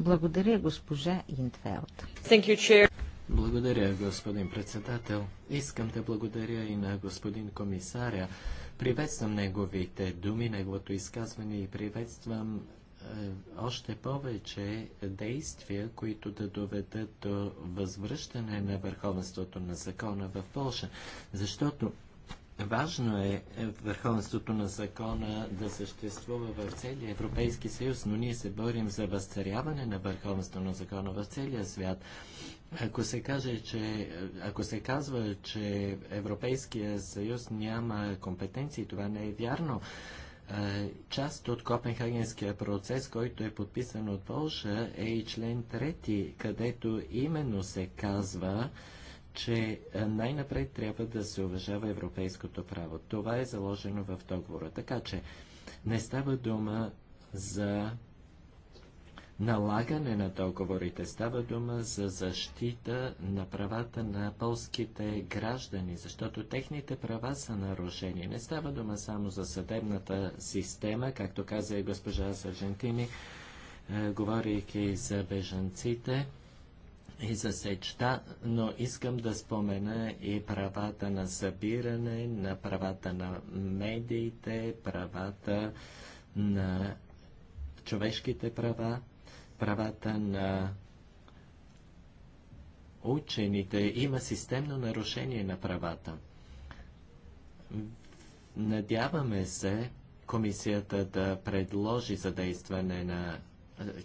Благодаря, госпожа Интфелд. Благодаря, господин председател. Искам да благодаря и на господин комисаря Приветствам неговите думи, неговото изказване и приветствам е, още повече действия, които да доведат до възвръщане на върховенството на закона в Польша. Защото Важно е, е върховенството на закона да съществува в целия Европейски съюз, но ние се борим за възцаряване на върховенството на закона в целия свят. Ако се, каже, че, ако се казва, че Европейския съюз няма компетенции, това не е вярно. Е, част от Копенхагенския процес, който е подписан от Полша, е и член трети, където именно се казва, че е, най-напред трябва да се уважава европейското право. Това е заложено в договора. Така че не става дума за налагане на договорите. Става дума за защита на правата на полските граждани, защото техните права са нарушени. Не става дума само за съдебната система, както каза и госпожа Саржентини, е, говорейки за бежанците и за сечта, но искам да спомена и правата на събиране, на правата на медиите, правата на човешките права, правата на учените. Има системно нарушение на правата. Надяваме се комисията да предложи задействане на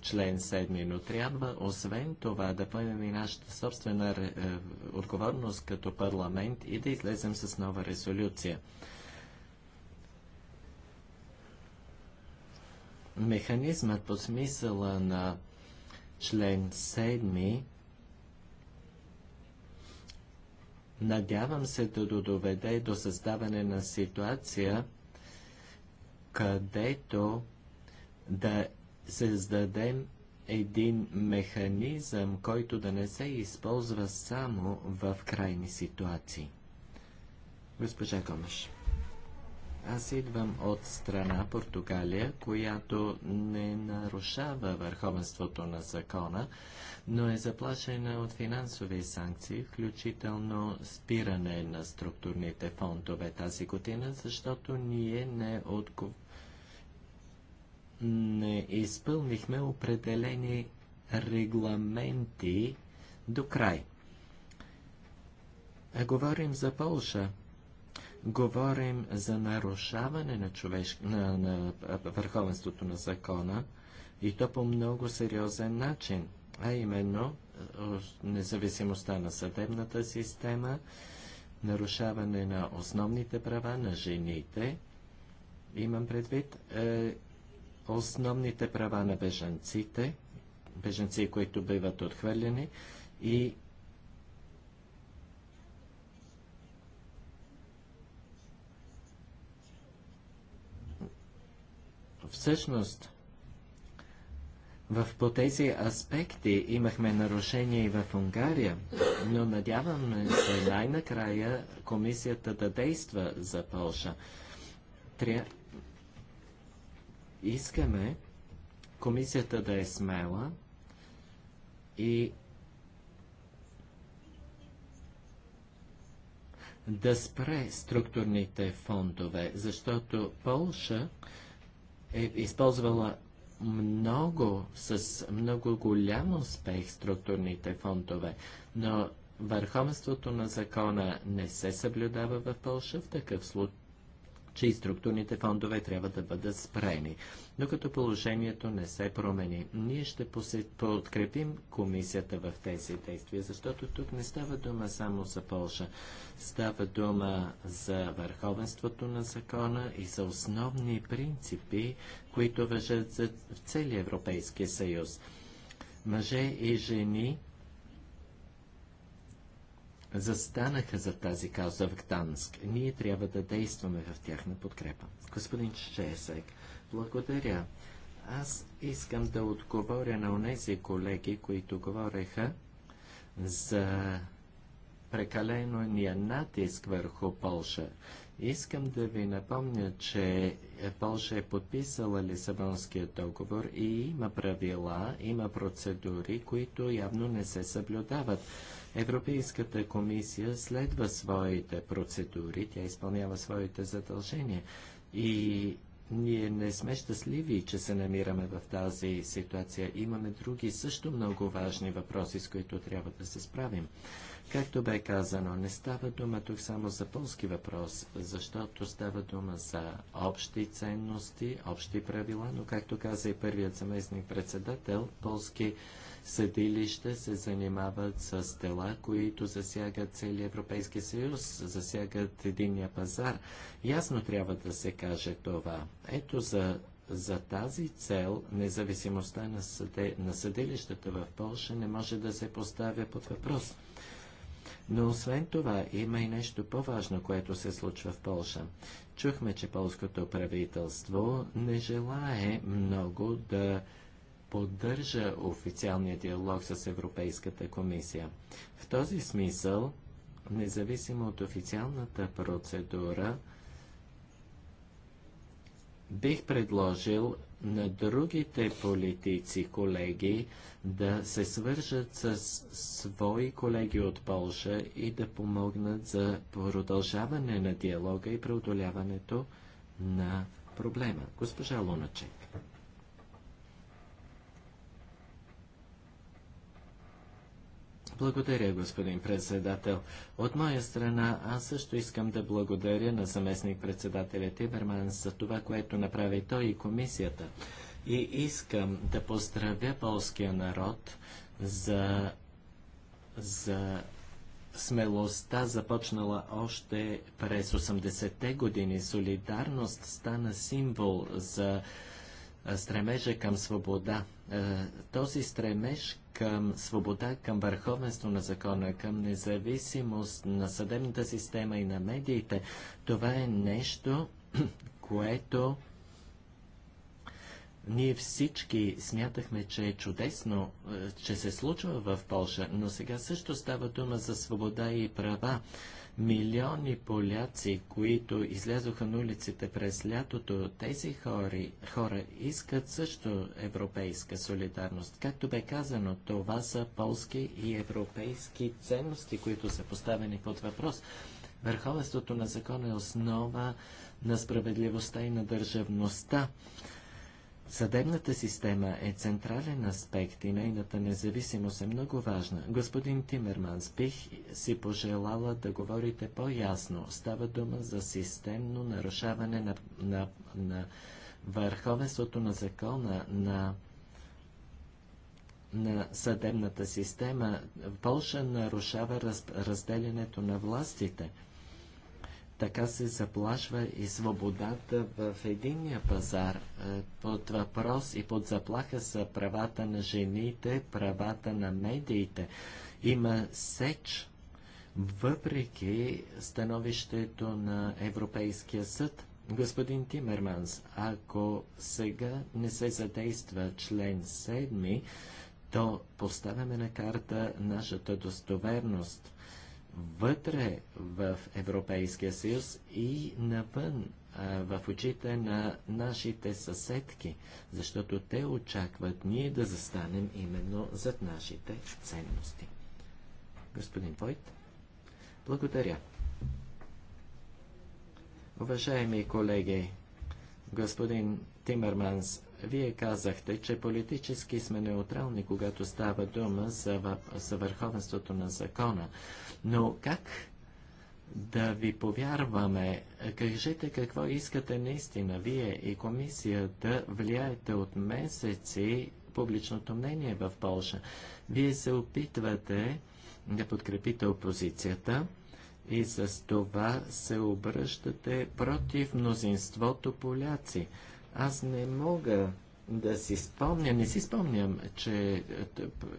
член 7, но трябва освен това да поемем и нашата собствена е, е, отговорност като парламент и да излезем с нова резолюция. Механизмът по смисъла на член 7 надявам се да доведе до създаване на ситуация, където да създадем един механизъм, който да не се използва само в крайни ситуации. Госпожа Гомеш, аз идвам от страна Португалия, която не нарушава върховенството на закона, но е заплашена от финансови санкции, включително спиране на структурните фондове тази година, защото ние не отговорим не изпълнихме определени регламенти до край. Е, говорим за Полша. Говорим за нарушаване на, човеш... на, на върховенството на закона и то по много сериозен начин, а именно е, независимостта на съдебната система, нарушаване на основните права на жените. Имам предвид е, основните права на бежанците, бежанци, които биват отхвърлени и всъщност в, по тези аспекти имахме нарушение и в Унгария, но надяваме се най-накрая комисията да действа за Полша. Тря... Искаме комисията да е смела и да спре структурните фондове, защото Полша е използвала много, с много голям успех структурните фондове, но върховенството на закона не се съблюдава в Полша в такъв случай че и структурните фондове трябва да бъдат спрени, докато положението не се промени. Ние ще подкрепим комисията в тези действия, защото тук не става дума само за Полша. Става дума за върховенството на закона и за основни принципи, които въжат за целия Европейския съюз. Мъже и жени застанаха за тази кауза в Гданск. Ние трябва да действаме в тяхна подкрепа. Господин Чесек, благодаря. Аз искам да отговоря на онези колеги, които говореха за прекаления натиск върху Полша. Искам да ви напомня, че Польша е подписала Лисабонския договор и има правила, има процедури, които явно не се съблюдават. Европейската комисия следва своите процедури, тя изпълнява своите задължения. И ние не сме щастливи, че се намираме в тази ситуация. Имаме други също много важни въпроси, с които трябва да се справим. Както бе казано, не става дума тук само за полски въпрос, защото става дума за общи ценности, общи правила, но както каза и първият заместник председател, полски съдилища се занимават с дела, които засягат целия Европейски съюз, засягат единния пазар. Ясно трябва да се каже това. Ето за, за тази цел независимостта на, съде, на съдилищата в Польша не може да се поставя под въпрос. Но освен това има и нещо по-важно, което се случва в Польша. Чухме, че полското правителство не желае много да поддържа официалния диалог с Европейската комисия. В този смисъл, независимо от официалната процедура, бих предложил на другите политици, колеги, да се свържат с свои колеги от Полша и да помогнат за продължаване на диалога и преодоляването на проблема. Госпожа Луначек. Благодаря, господин председател. От моя страна, аз също искам да благодаря на заместник председателя Тиберман за това, което направи той и комисията. И искам да поздравя полския народ за, за смелостта, започнала още през 80-те години. Солидарност стана символ за стремежа към свобода. Този стремеж към свобода, към върховенство на закона, към независимост на съдебната система и на медиите, това е нещо, което ние всички смятахме, че е чудесно, е, че се случва в Польша, но сега също става дума за свобода и права милиони поляци, които излязоха на улиците през лятото, тези хори, хора искат също европейска солидарност. Както бе казано, това са полски и европейски ценности, които са поставени под въпрос. Върховенството на закона е основа на справедливостта и на държавността. Съдебната система е централен аспект и нейната независимост е много важна. Господин Тимерманс, бих си пожелала да говорите по-ясно. Става дума за системно нарушаване на, на, на върховенството на закона, на, на съдебната система. Полша нарушава раз, разделянето на властите. Така се заплашва и свободата в единния пазар. Е, под въпрос и под заплаха са правата на жените, правата на медиите. Има сеч, въпреки становището на Европейския съд. Господин Тимерманс, ако сега не се задейства член 7, то поставяме на карта нашата достоверност вътре в Европейския съюз и навън в очите на нашите съседки, защото те очакват ние да застанем именно зад нашите ценности. Господин Войт, благодаря. Уважаеми колеги, господин Тимерманс, вие казахте, че политически сме неутрални, когато става дума за, за върховенството на закона. Но как да ви повярваме? Кажете какво искате наистина. Вие и комисията влияете от месеци публичното мнение в Польша. Вие се опитвате да подкрепите опозицията и с това се обръщате против мнозинството поляци. Аз не мога да си спомня, не си спомням, че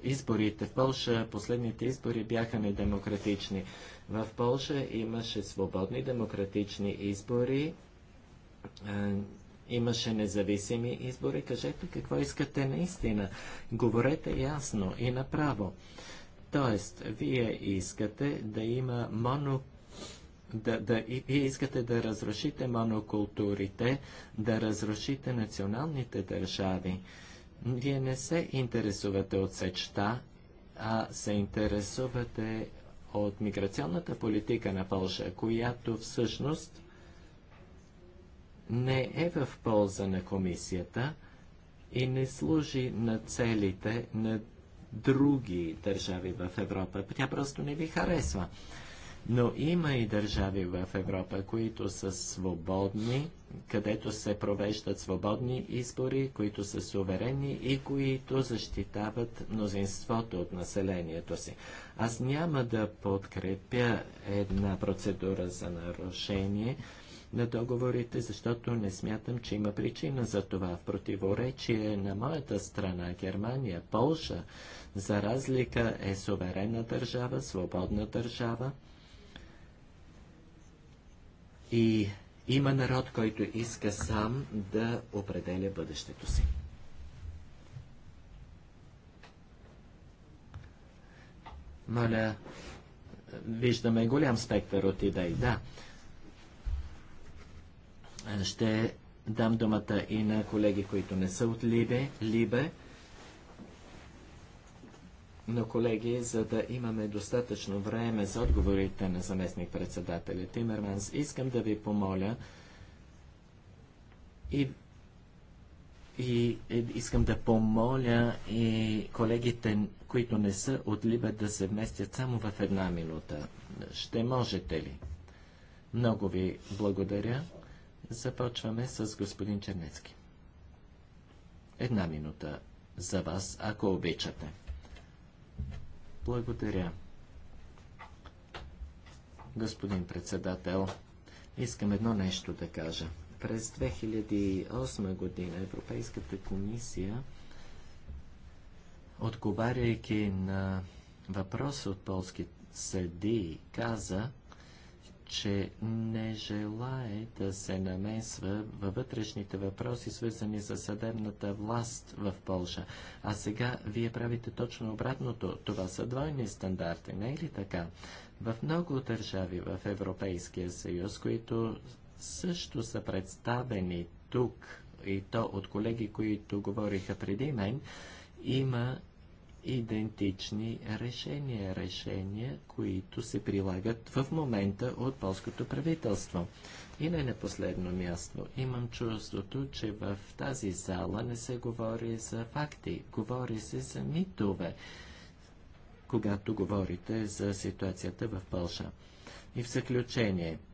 изборите в Польша, последните избори бяха недемократични. В Польша имаше свободни демократични избори, имаше независими избори. Кажете какво искате наистина. Говорете ясно и направо. Тоест, вие искате да има монопол да, да, и вие искате да разрушите монокултурите, да разрушите националните държави. Вие не се интересувате от сечта, а се интересувате от миграционната политика на Польша, която всъщност не е в полза на комисията и не служи на целите на други държави в Европа. Тя просто не ви харесва. Но има и държави в Европа, които са свободни, където се провеждат свободни избори, които са суверени и които защитават мнозинството от населението си. Аз няма да подкрепя една процедура за нарушение на договорите, защото не смятам, че има причина за това. В противоречие на моята страна, Германия, Полша, за разлика е суверена държава, свободна държава, и има народ, който иска сам да определя бъдещето си. Моля, виждаме голям спектър от идеи. Да. Ще дам думата и на колеги, които не са от Либе. Либе. Но, колеги, за да имаме достатъчно време за отговорите на заместник председателя Тимерманс, искам да ви помоля и, и искам да помоля и колегите, които не са от Либе, да се вместят само в една минута. Ще можете ли? Много ви благодаря. Започваме с господин Чернецки. Една минута за вас, ако обичате. Благодаря. Господин председател, искам едно нещо да кажа. През 2008 година Европейската комисия, отговаряйки на въпрос от полски съди, каза, че не желае да се намесва във вътрешните въпроси, свързани с съдебната власт в Польша. А сега вие правите точно обратното. Това са двойни стандарти, не е ли така? В много държави в Европейския съюз, които също са представени тук, и то от колеги, които говориха преди мен, има идентични решения, решения, които се прилагат в момента от полското правителство. И не на последно място, имам чувството, че в тази зала не се говори за факти, говори се за митове, когато говорите за ситуацията в Пълша. И в заключение –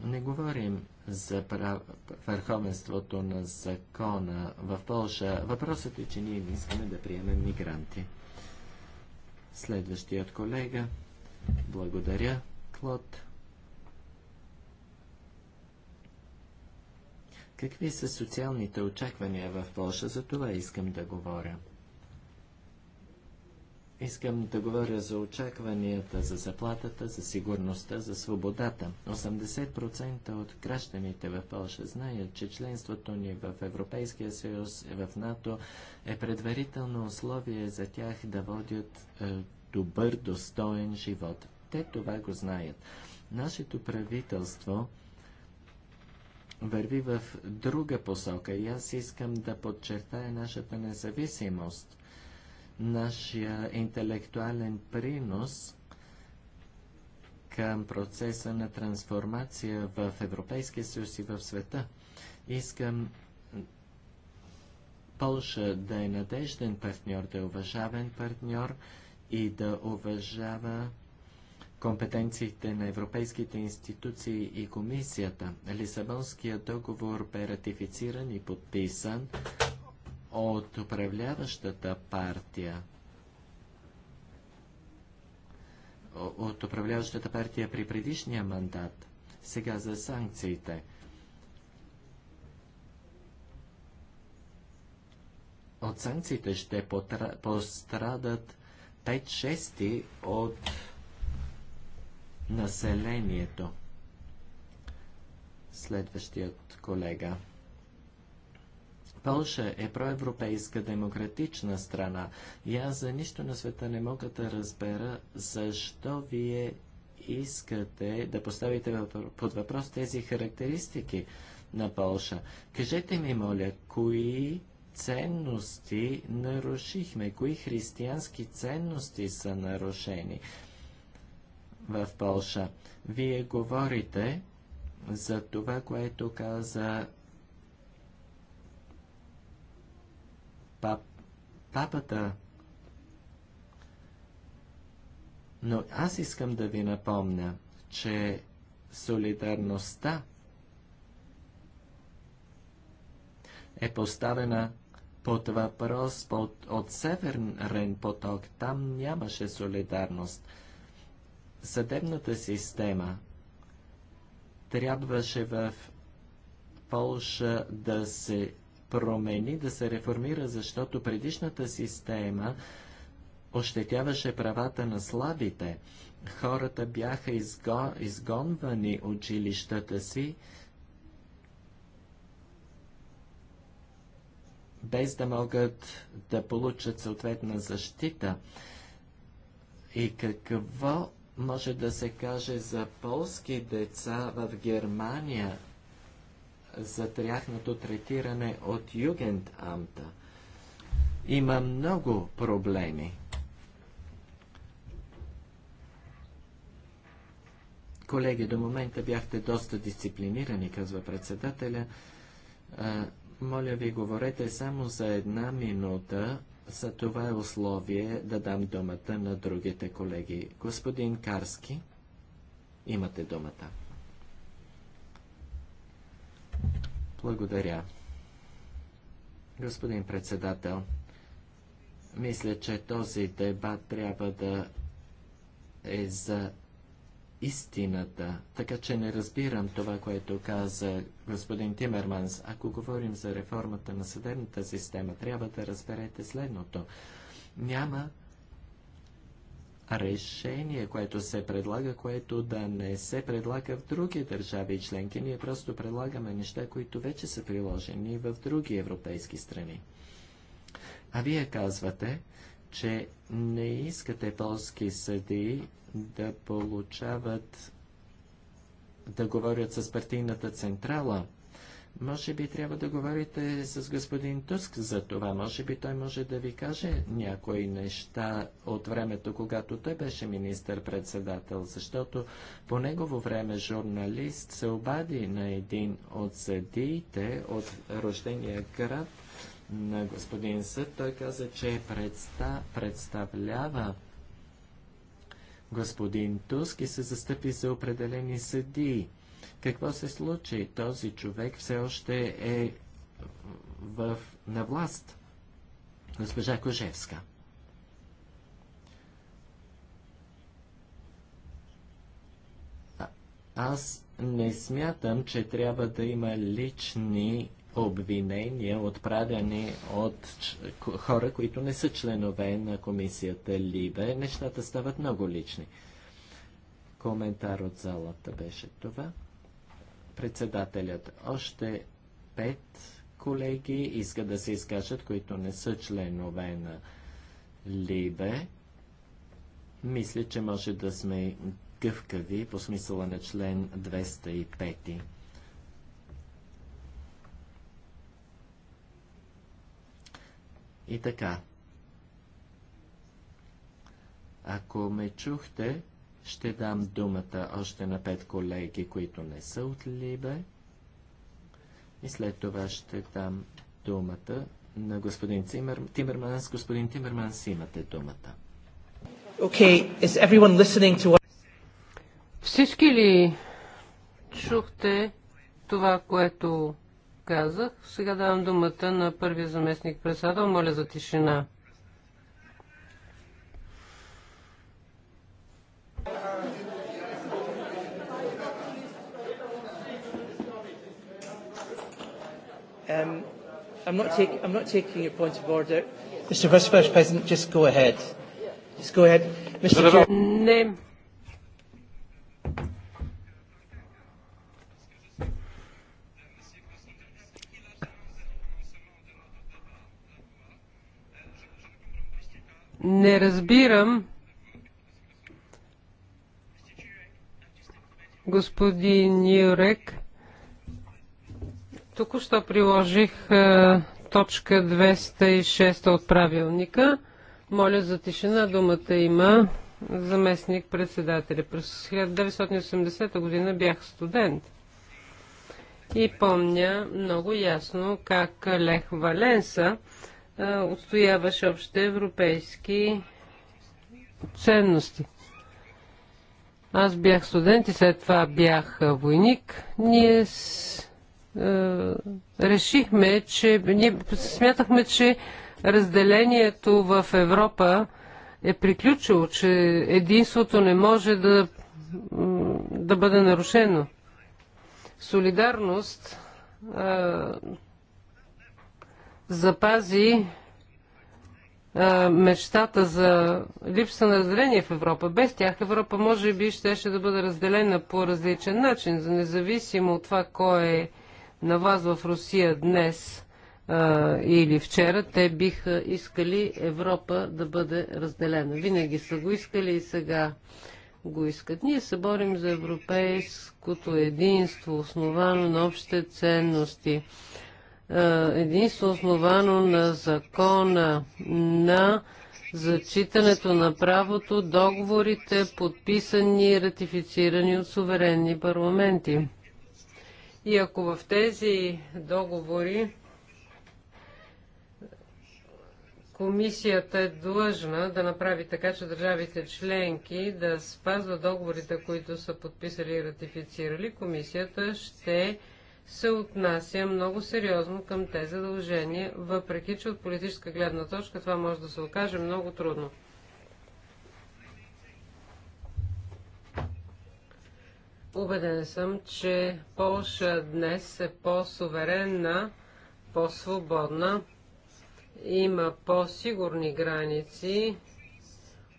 не говорим за прав... върховенството на закона в Польша. Въпросът е, че ние не искаме да приемем мигранти. Следващият колега. Благодаря, Клод. Какви са социалните очаквания в Польша? За това искам да говоря. Искам да говоря за очакванията, за заплатата, за сигурността, за свободата. 80% от гражданите в Польша знаят, че членството ни в Европейския съюз, е в НАТО е предварително условие за тях да водят е, добър, достоен живот. Те това го знаят. Нашето правителство върви в друга посока и аз искам да подчертая нашата независимост – нашия интелектуален принос към процеса на трансформация в Европейския съюз и в света. Искам Полша да е надежден партньор, да е уважаван партньор и да уважава компетенциите на европейските институции и комисията. Лисабонският договор бе ратифициран и подписан от управляващата партия. От управляващата партия при предишния мандат. Сега за санкциите. От санкциите ще пострадат 5-6 от населението. Следващият колега. Полша е проевропейска демократична страна и аз за нищо на света не мога да разбера защо вие искате да поставите под въпрос тези характеристики на Полша. Кажете ми, моля, кои ценности нарушихме, кои християнски ценности са нарушени в Полша. Вие говорите за това, което каза пап, папата. Но аз искам да ви напомня, че солидарността е поставена под въпрос под, от Северен поток. Там нямаше солидарност. Съдебната система трябваше в Полша да се промени, да се реформира, защото предишната система ощетяваше правата на слабите. Хората бяха изго... изгонвани от жилищата си, без да могат да получат съответна защита. И какво може да се каже за полски деца в Германия, за тяхното третиране от Югендамта. Има много проблеми. Колеги, до момента бяхте доста дисциплинирани, казва председателя. А, моля ви, говорете само за една минута. За това е условие да дам думата на другите колеги. Господин Карски, имате думата. Благодаря. Господин председател, мисля, че този дебат трябва да е за истината. Така че не разбирам това, което каза господин Тимерманс. Ако говорим за реформата на съдебната система, трябва да разберете следното. Няма решение, което се предлага, което да не се предлага в други държави и членки. Ние просто предлагаме неща, които вече са приложени в други европейски страни. А вие казвате, че не искате полски съди да получават да говорят с партийната централа – може би трябва да говорите с господин Туск за това. Може би той може да ви каже някои неща от времето, когато той беше министър-председател, защото по негово време журналист се обади на един от съдиите от рождения град на господин съд. Той каза, че предста... представлява господин Туск и се застъпи за определени съдии. Какво се случи? Този човек все още е в, на власт. Госпожа Кожевска. А, аз не смятам, че трябва да има лични обвинения, отправени от хора, които не са членове на комисията Либе. Нещата стават много лични. Коментар от залата беше това. Председателят още пет колеги искат да се изкажат, които не са членове на Либе. Мисля, че може да сме гъвкави по смисъла на член 205. И така. Ако ме чухте, ще дам думата още на пет колеги, които не са от Либе. И след това ще дам думата на господин Тимер... Тимерманс. Господин Тимерманс, имате думата. Okay, is everyone listening to what... Всички ли чухте това, което казах? Сега давам думата на първия заместник председател. Моля за тишина. Um, I'm, not take, I'm not taking your point of order. Mr. Vice First President, just go ahead. Just go ahead. Mr. Chair. Name. Не разбирам господин Юрек. Току-що приложих е, точка 206 от правилника. Моля за тишина. Думата има заместник председателя. През 1980 година бях студент. И помня много ясно как Лех Валенса е, отстояваше общите европейски ценности. Аз бях студент и след това бях войник. Ние с е, решихме, че ние смятахме, че разделението в Европа е приключило, че единството не може да, да бъде нарушено. Солидарност а, е, запази а, е, мечтата за липса на разделение в Европа. Без тях Европа може би щеше да бъде разделена по различен начин, независимо от това кой е на вас в Русия днес а, или вчера, те биха искали Европа да бъде разделена. Винаги са го искали и сега го искат. Ние се борим за европейското единство, основано на общите ценности, единство основано на закона, на зачитането на правото, договорите, подписани и ратифицирани от суверенни парламенти. И ако в тези договори комисията е длъжна да направи така, че държавите членки да спазват договорите, които са подписали и ратифицирали, комисията ще се отнася много сериозно към тези задължения, въпреки че от политическа гледна точка това може да се окаже много трудно. Убеден съм, че Полша днес е по-суверенна, по-свободна, има по-сигурни граници,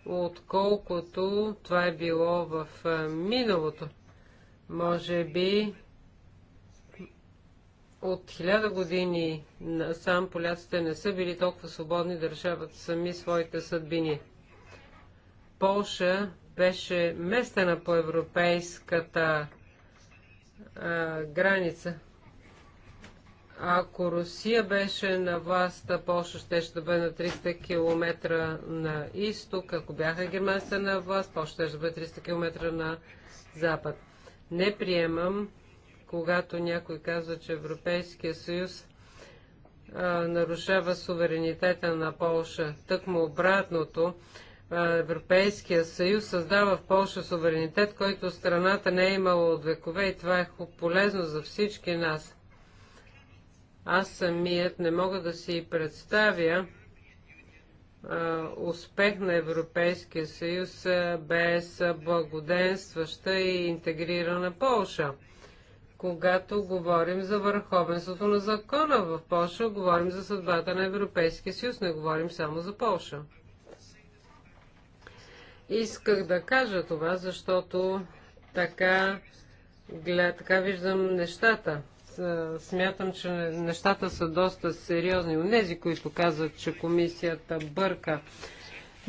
отколкото това е било в е, миналото. Може би от хиляда години сам поляците не са били толкова свободни да решават сами своите съдбини. Полша беше местена по европейската а, граница. Ако Русия беше на власт, Польша ще, ще да бъде на 300 км на изток. Ако бяха германците на власт, Польша ще, да бъде 300 км на запад. Не приемам, когато някой казва, че Европейския съюз а, нарушава суверенитета на Полша. Тъкмо обратното, Европейския съюз създава в Польша суверенитет, който страната не е имала от векове и това е полезно за всички нас. Аз самият не мога да си представя а, успех на Европейския съюз а, без благоденстваща и интегрирана Полша. Когато говорим за върховенството на закона в Польша, говорим за съдбата на Европейския съюз, не говорим само за Полша. Исках да кажа това, защото така, гля, така виждам нещата. Смятам, че нещата са доста сериозни. Унези, които казват, че комисията бърка.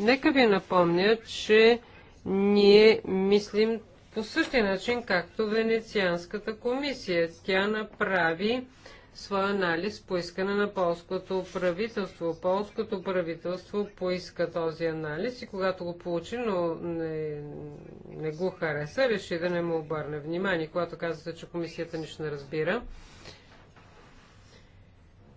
Нека ви напомня, че ние мислим по същия начин, както Венецианската комисия. Тя направи своя анализ по искане на полското правителство. Полското правителство поиска този анализ и когато го получи, но не, не го хареса, реши да не му обърне внимание, когато каза, че комисията нищо не разбира.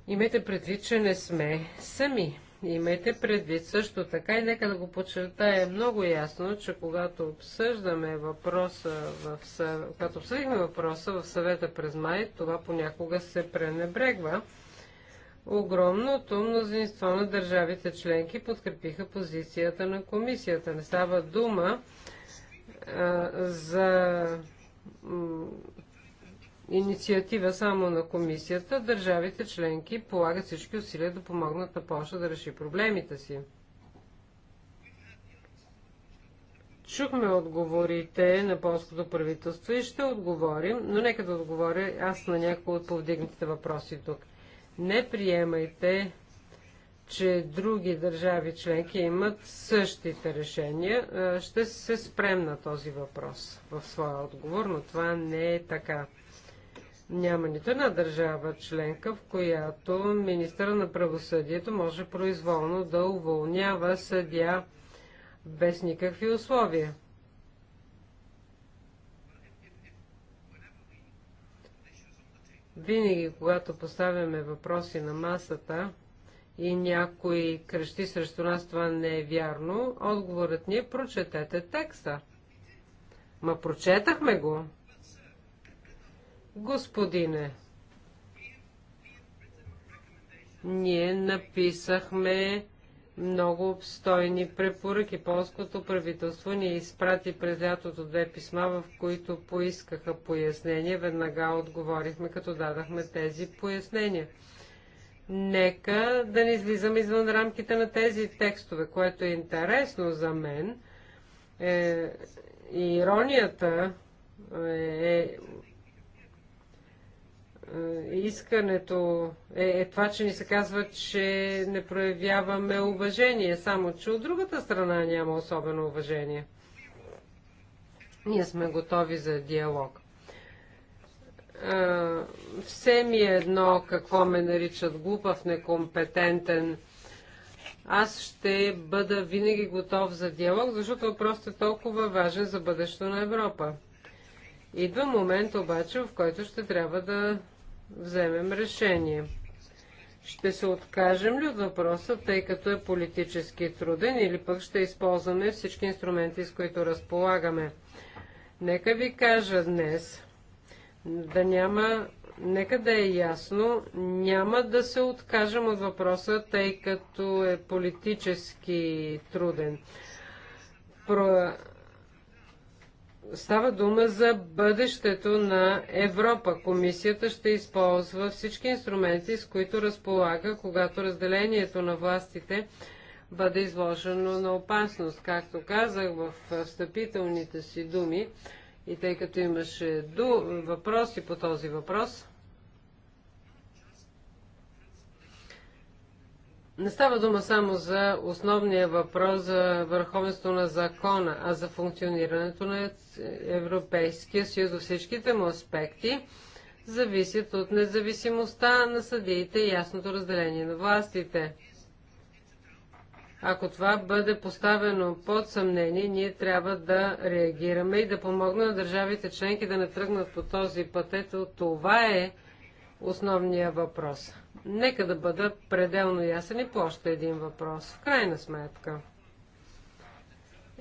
Имайте предвид, че не сме сами. Имайте предвид също така и нека да го подчертая много ясно, че когато обсъждаме въпроса в, съ... когато обсъдихме въпроса в съвета през май, това понякога се пренебрегва. Огромното мнозинство на държавите членки подкрепиха позицията на комисията. Не става дума а, за инициатива само на комисията, държавите членки полагат всички усилия да помогнат на Польша да реши проблемите си. Чухме отговорите на полското правителство и ще отговорим, но нека да отговоря аз на някои от повдигнатите въпроси тук. Не приемайте, че други държави членки имат същите решения. Е, ще се спрем на този въпрос в своя отговор, но това не е така. Няма нито една държава членка, в която министра на правосъдието може произволно да уволнява съдя без никакви условия. Винаги, когато поставяме въпроси на масата и някой крещи срещу нас, това не е вярно, отговорът ни е прочетете текста. Ма прочетахме го. Господине, ние написахме много обстойни препоръки. Полското правителство ни изпрати през лятото две писма, в които поискаха пояснения. Веднага отговорихме, като дадахме тези пояснения. Нека да не излизам извън рамките на тези текстове, което е интересно за мен. Е, иронията е, е е, искането е, е това, че ни се казва, че не проявяваме уважение, само че от другата страна няма особено уважение. Ние сме готови за диалог. А, все ми е едно какво ме наричат глупав, некомпетентен. Аз ще бъда винаги готов за диалог, защото въпросът е толкова важен за бъдещето на Европа. Идва момент обаче, в който ще трябва да вземем решение. Ще се откажем ли от въпроса, тъй като е политически труден, или пък ще използваме всички инструменти, с които разполагаме? Нека ви кажа днес, да няма, нека да е ясно, няма да се откажем от въпроса, тъй като е политически труден. Про, Става дума за бъдещето на Европа. Комисията ще използва всички инструменти, с които разполага, когато разделението на властите бъде изложено на опасност. Както казах в встъпителните си думи, и тъй като имаше въпроси по този въпрос, Не става дума само за основния въпрос за върховенство на закона, а за функционирането на Европейския съюз във всичките му аспекти зависят от независимостта на съдиите и ясното разделение на властите. Ако това бъде поставено под съмнение, ние трябва да реагираме и да помогнем на държавите членки да не тръгнат по този път. Ето това е основния въпрос. Нека да бъда пределно ясен и по още един въпрос. В крайна сметка,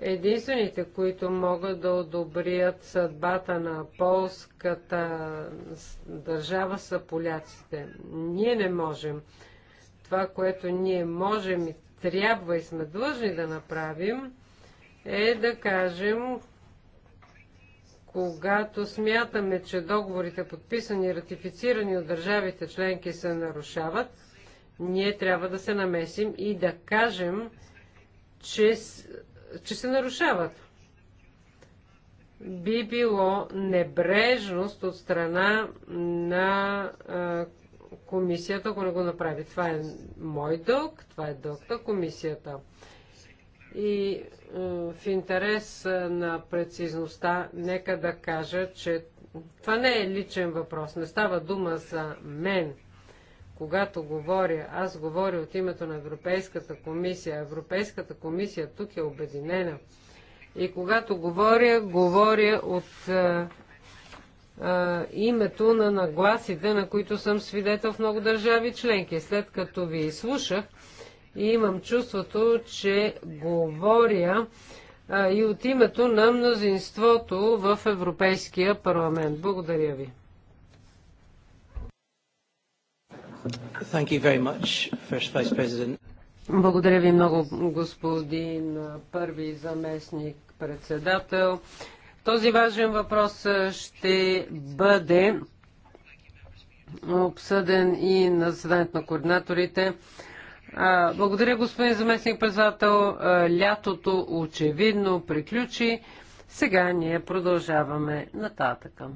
единствените, които могат да одобрят съдбата на полската държава са поляците. Ние не можем. Това, което ние можем и трябва и сме длъжни да направим, е да кажем когато смятаме, че договорите, подписани и ратифицирани от държавите членки, се нарушават, ние трябва да се намесим и да кажем, че, че се нарушават. Би било небрежност от страна на комисията, ако не го направи. Това е мой дълг, това е дълг на комисията. И е, в интерес е, на прецизността, нека да кажа, че това не е личен въпрос. Не става дума за мен. Когато говоря, аз говоря от името на Европейската комисия. Европейската комисия тук е обединена. И когато говоря, говоря от а, е, а, името на нагласите, на които съм свидетел в много държави членки. След като ви слушах, и имам чувството, че говоря а, и от името на мнозинството в Европейския парламент. Благодаря ви. Thank you very much, First Vice President. Благодаря ви много, господин първи заместник председател. Този важен въпрос ще бъде обсъден и на заседанието на координаторите. Благодаря, господин заместник председател. Лятото очевидно приключи. Сега ние продължаваме нататъка.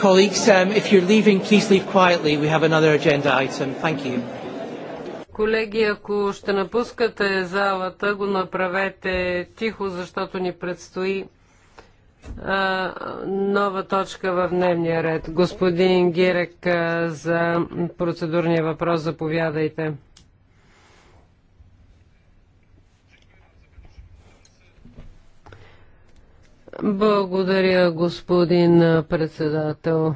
Colleagues, um, if you're leaving, please leave quietly. We have another agenda item. Thank you. Колеги, ако ще напускате залата, го направете тихо, защото ни предстои а, нова точка в дневния ред. Господин Гирек, а, за процедурния въпрос, заповядайте. Благодаря, господин председател.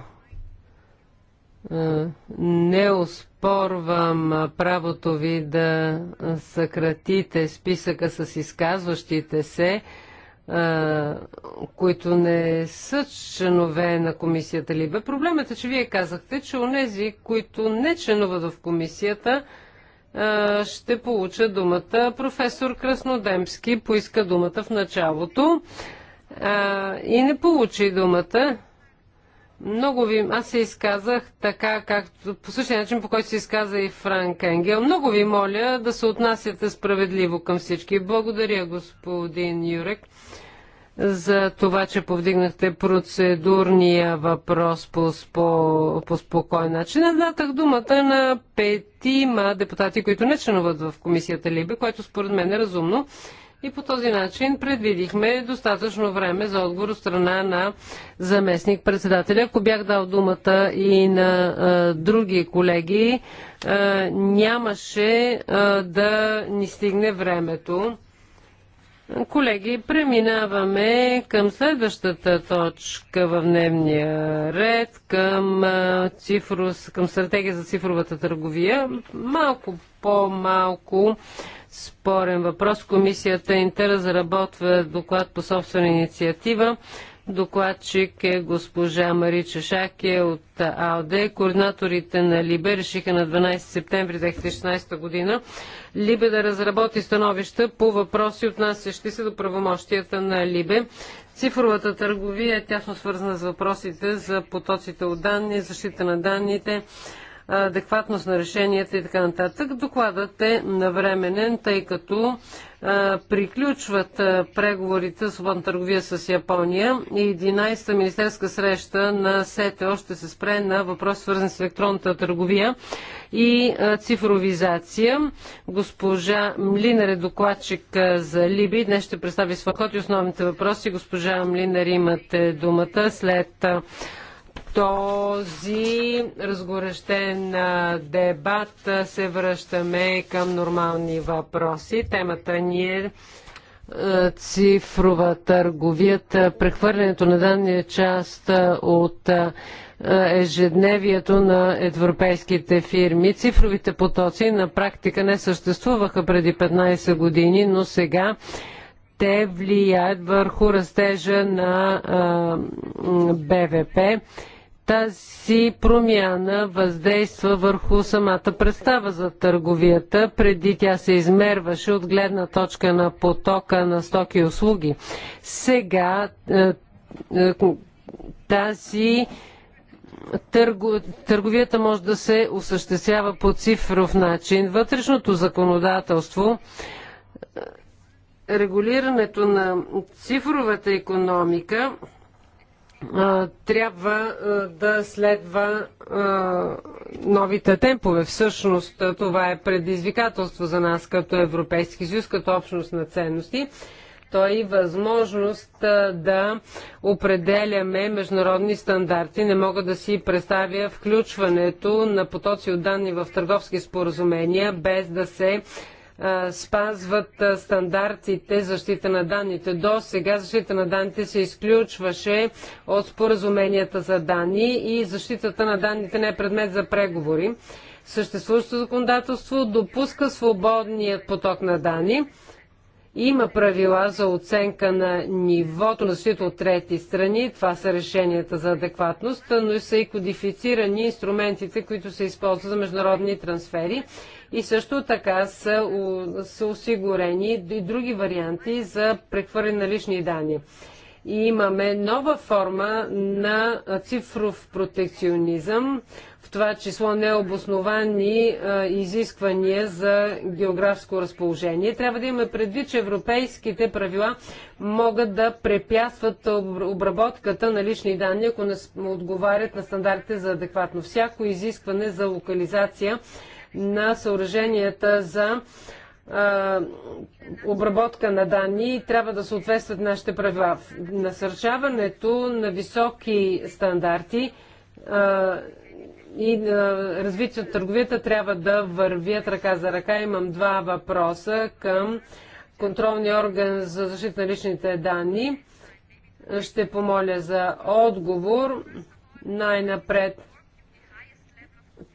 Не успорвам правото ви да съкратите списъка с изказващите се, които не са членове на комисията Либе. Проблемът е, че вие казахте, че онези, които не членуват в комисията, ще получат думата. Професор Краснодемски поиска думата в началото а, и не получи думата. Много ви, аз се изказах така, както, по същия начин, по който се изказа и Франк Енгел. Много ви моля да се отнасяте справедливо към всички. Благодаря, господин Юрек, за това, че повдигнахте процедурния въпрос по, спо, по спокоен начин. Надатах датах думата на петима депутати, които не членуват в комисията Либе, което според мен е разумно. И по този начин предвидихме достатъчно време за отговор от страна на заместник председателя. Ако бях дал думата и на а, други колеги, а, нямаше а, да ни стигне времето. Колеги, преминаваме към следващата точка в дневния ред, към, цифрус, към стратегия за цифровата търговия. Малко по-малко. -малко спорен въпрос. Комисията Интер разработва доклад по собствена инициатива. Докладчик е госпожа Мари Чешаке от АОД. Координаторите на Либе решиха на 12 септември 2016 година Либе да разработи становища по въпроси, отнасящи се до правомощията на Либе. Цифровата търговия е тясно свързана с въпросите за потоците от данни, защита на данните, адекватност на решенията и така нататък. Докладът е навременен, тъй като а, приключват а, преговорите с свободна търговия с Япония и 11-та министерска среща на СЕТЕ още се спре на въпрос свързан с електронната търговия и а, цифровизация. Госпожа Млинер е докладчик за Либи. Днес ще представи своя ход и основните въпроси. Госпожа Млинер, имате думата след този разгорещен дебат се връщаме към нормални въпроси. Темата ни е цифрова търговията. Прехвърлянето на данни е част от ежедневието на европейските фирми. Цифровите потоци на практика не съществуваха преди 15 години, но сега те влияят върху растежа на БВП тази промяна въздейства върху самата представа за търговията. Преди тя се измерваше от гледна точка на потока на стоки и услуги. Сега е, е, тази търговията може да се осъществява по цифров начин. Вътрешното законодателство, е, регулирането на цифровата економика трябва да следва новите темпове. Всъщност това е предизвикателство за нас като Европейски съюз, като общност на ценности. То е и възможност да определяме международни стандарти. Не мога да си представя включването на потоци от данни в търговски споразумения, без да се спазват стандартите защита на данните. До сега защита на данните се изключваше от споразуменията за данни и защитата на данните не е предмет за преговори. Съществуващото законодателство допуска свободният поток на данни има правила за оценка на нивото на свито от трети страни. Това са решенията за адекватност, но и са и кодифицирани инструментите, които се използват за международни трансфери. И също така са, са осигурени и други варианти за прехвърляне на лични данни и имаме нова форма на цифров протекционизъм, в това число необосновани а, изисквания за географско разположение. Трябва да имаме предвид, че европейските правила могат да препятстват обработката на лични данни, ако не отговарят на стандартите за адекватно. Всяко изискване за локализация на съоръженията за обработка на данни трябва да съответстват нашите правила. Насърчаването на високи стандарти и развитието на търговията трябва да вървят ръка за ръка. Имам два въпроса към контролния орган за защита на личните данни. Ще помоля за отговор. Най-напред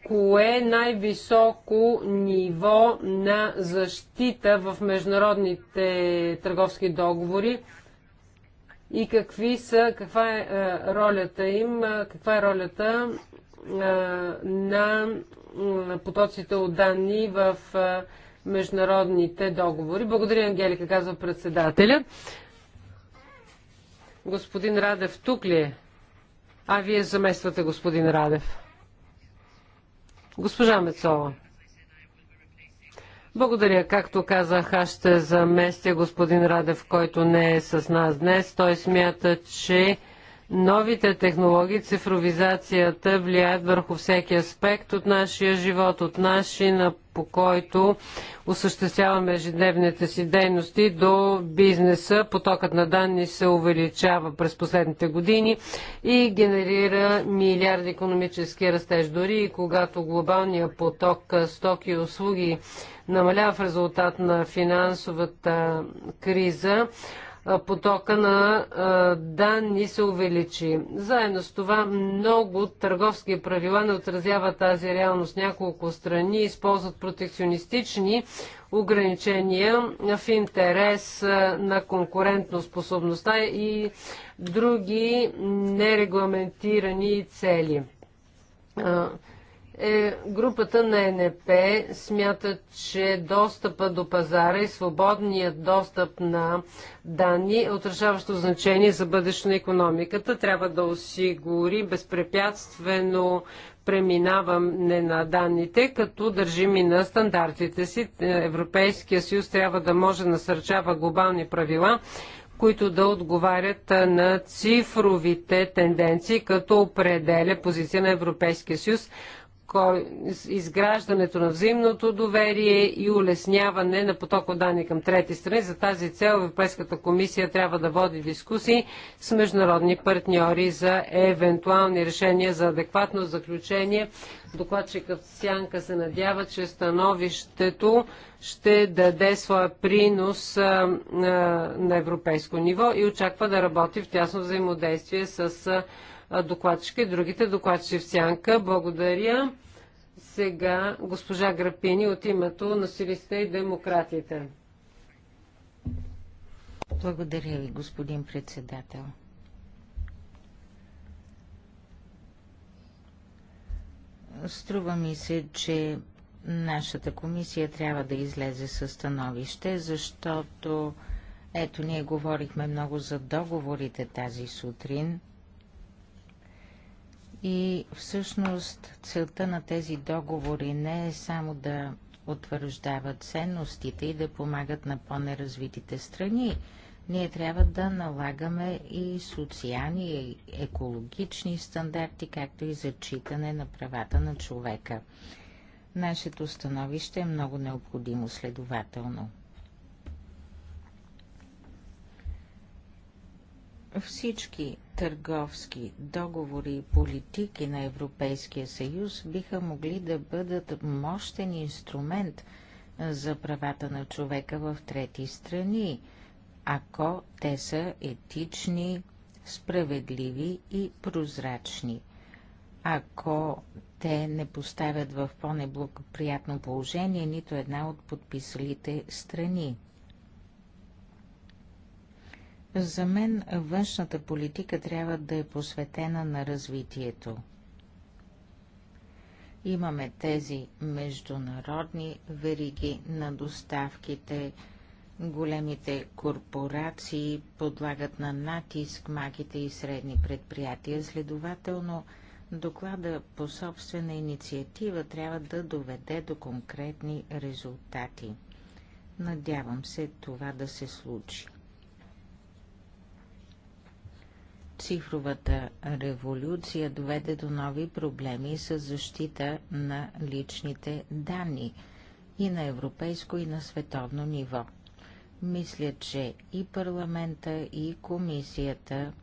кое е най-високо ниво на защита в международните търговски договори и какви са, каква е, е ролята им, е, каква е ролята е, на потоците от данни в международните договори. Благодаря, Ангелика, казва председателя. Господин Радев тук ли е? А вие замествате господин Радев. Госпожа Мецова. Благодаря. Както казах, аз ще заместя господин Радев, който не е с нас днес. Той смята, че Новите технологии, цифровизацията влияят върху всеки аспект от нашия живот, от начина по който осъществяваме ежедневните си дейности до бизнеса. Потокът на данни се увеличава през последните години и генерира милиарди економически растеж. Дори и когато глобалният поток стоки и услуги намалява в резултат на финансовата криза, потока на данни се увеличи. Заедно с това много търговски правила не отразяват тази реалност. Няколко страни използват протекционистични ограничения в интерес на конкурентоспособността и други нерегламентирани цели е, групата на НП смята, че достъпа до пазара и свободният достъп на данни е отражаващо значение за бъдещето на економиката. Трябва да осигури безпрепятствено преминаване на данните, като държим и на стандартите си. Е, Европейския съюз трябва да може да насърчава глобални правила, които да отговарят на цифровите тенденции, като определя позиция на Европейския съюз изграждането на взаимното доверие и улесняване на потока данни към трети страни. За тази цел Европейската комисия трябва да води дискусии с международни партньори за евентуални решения за адекватно заключение. Докладчикът Сянка се надява, че становището ще даде своя принос а, а, на европейско ниво и очаква да работи в тясно взаимодействие с а, докладчика и другите докладчици в сянка. Благодаря. Сега госпожа Грапини от името на Силиста и демократите. Благодаря ви, господин председател. Струва ми се, че нашата комисия трябва да излезе със становище, защото ето ние говорихме много за договорите тази сутрин – и всъщност целта на тези договори не е само да утвърждават ценностите и да помагат на по-неразвитите страни. Ние трябва да налагаме и социални и екологични стандарти, както и зачитане на правата на човека. Нашето становище е много необходимо следователно. Всички търговски договори и политики на Европейския съюз биха могли да бъдат мощен инструмент за правата на човека в трети страни, ако те са етични, справедливи и прозрачни. Ако те не поставят в по-неблагоприятно положение нито една от подписалите страни. За мен външната политика трябва да е посветена на развитието. Имаме тези международни вериги на доставките, големите корпорации подлагат на натиск маките и средни предприятия. Следователно, доклада по собствена инициатива трябва да доведе до конкретни резултати. Надявам се това да се случи. Цифровата революция доведе до нови проблеми с защита на личните данни и на европейско и на световно ниво. Мисля, че и парламента, и комисията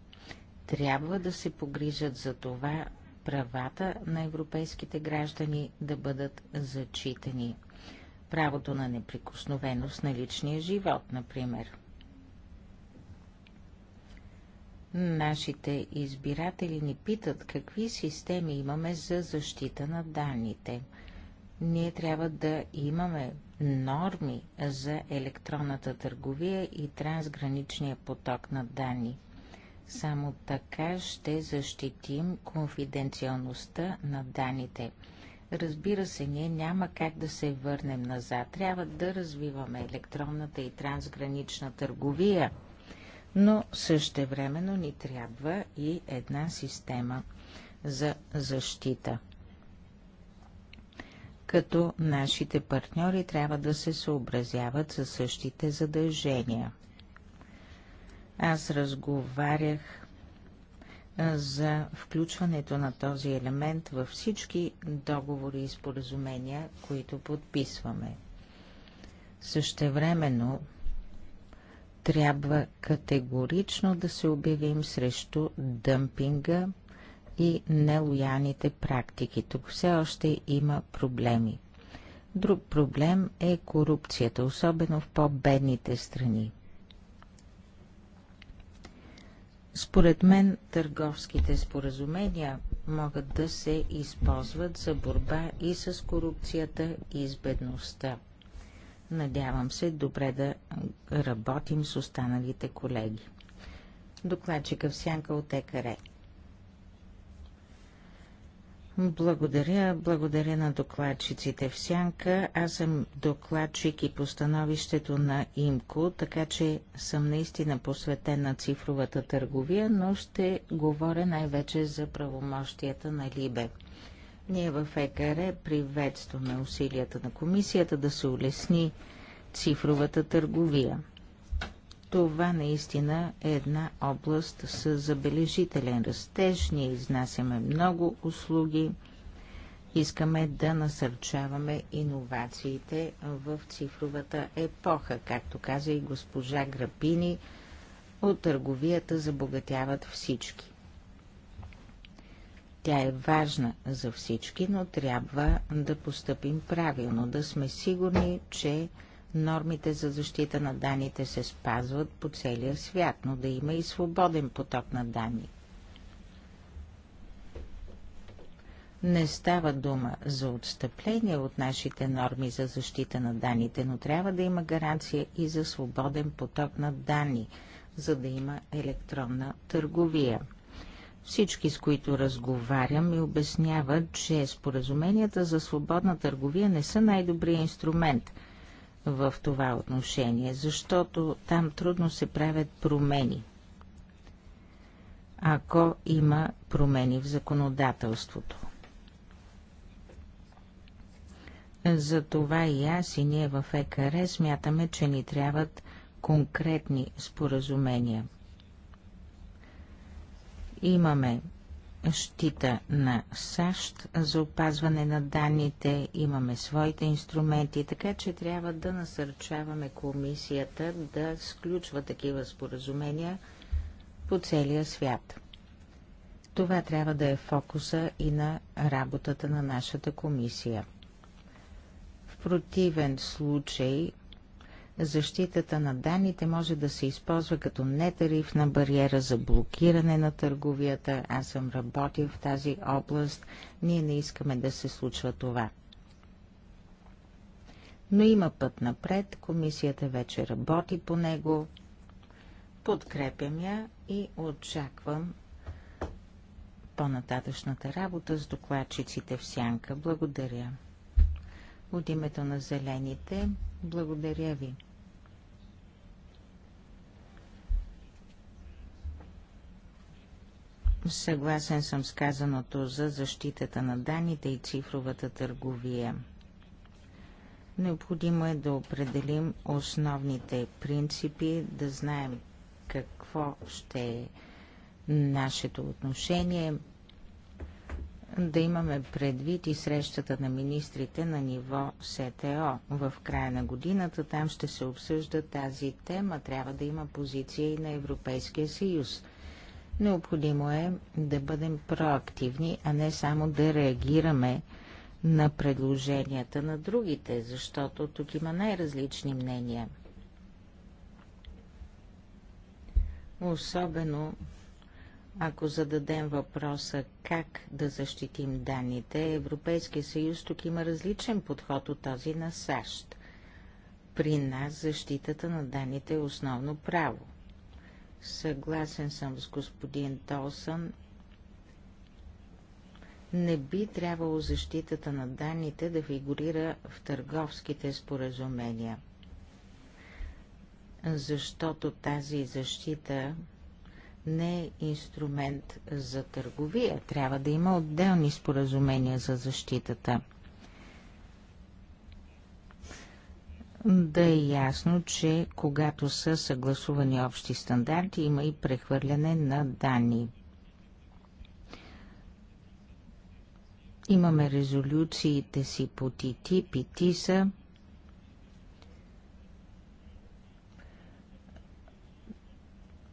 трябва да се погрижат за това правата на европейските граждани да бъдат зачитани. Правото на неприкосновеност на личния живот, например – Нашите избиратели ни питат какви системи имаме за защита на данните. Ние трябва да имаме норми за електронната търговия и трансграничния поток на данни. Само така ще защитим конфиденциалността на данните. Разбира се, ние няма как да се върнем назад. Трябва да развиваме електронната и трансгранична търговия – но същевременно ни трябва и една система за защита. Като нашите партньори трябва да се съобразяват със същите задължения. Аз разговарях за включването на този елемент във всички договори и споразумения, които подписваме. Същевременно трябва категорично да се обявим срещу дъмпинга и нелояните практики. Тук все още има проблеми. Друг проблем е корупцията, особено в по-бедните страни. Според мен търговските споразумения могат да се използват за борба и с корупцията и с бедността. Надявам се добре да работим с останалите колеги. Докладчика в сянка от Екаре. Благодаря, благодаря на докладчиците в Сянка. Аз съм докладчик и по становището на ИМКО, така че съм наистина посветен на цифровата търговия, но ще говоря най-вече за правомощията на Либе. Ние в ЕКР приветстваме усилията на комисията да се улесни цифровата търговия. Това наистина е една област с забележителен растеж. Ние изнасяме много услуги. Искаме да насърчаваме иновациите в цифровата епоха, както каза и госпожа Грапини. От търговията забогатяват всички. Тя е важна за всички, но трябва да постъпим правилно, да сме сигурни, че нормите за защита на данните се спазват по целия свят, но да има и свободен поток на данни. Не става дума за отстъпление от нашите норми за защита на данните, но трябва да има гаранция и за свободен поток на данни, за да има електронна търговия. Всички, с които разговарям, ми обясняват, че споразуменията за свободна търговия не са най-добрият инструмент в това отношение, защото там трудно се правят промени. Ако има промени в законодателството. Затова и аз и ние в ЕКР е смятаме, че ни трябват конкретни споразумения – Имаме щита на САЩ за опазване на данните, имаме своите инструменти, така че трябва да насърчаваме комисията да сключва такива споразумения по целия свят. Това трябва да е фокуса и на работата на нашата комисия. В противен случай защитата на данните може да се използва като нетарифна бариера за блокиране на търговията. Аз съм работил в тази област. Ние не искаме да се случва това. Но има път напред. Комисията вече работи по него. Подкрепям я и очаквам по-нататъчната работа с докладчиците в сянка. Благодаря. От името на зелените благодаря ви. Съгласен съм с казаното за защитата на данните и цифровата търговия. Необходимо е да определим основните принципи, да знаем какво ще е нашето отношение да имаме предвид и срещата на министрите на ниво СТО. В края на годината там ще се обсъжда тази тема. Трябва да има позиция и на Европейския съюз. Необходимо е да бъдем проактивни, а не само да реагираме на предложенията на другите, защото тук има най-различни мнения. Особено ако зададем въпроса как да защитим данните, Европейския съюз тук има различен подход от този на САЩ. При нас защитата на данните е основно право. Съгласен съм с господин Толсън. Не би трябвало защитата на данните да фигурира в търговските споразумения, защото тази защита не е инструмент за търговия. Трябва да има отделни споразумения за защитата. Да е ясно, че когато са съгласувани общи стандарти, има и прехвърляне на данни. Имаме резолюциите си по ТТИП и ТИСА.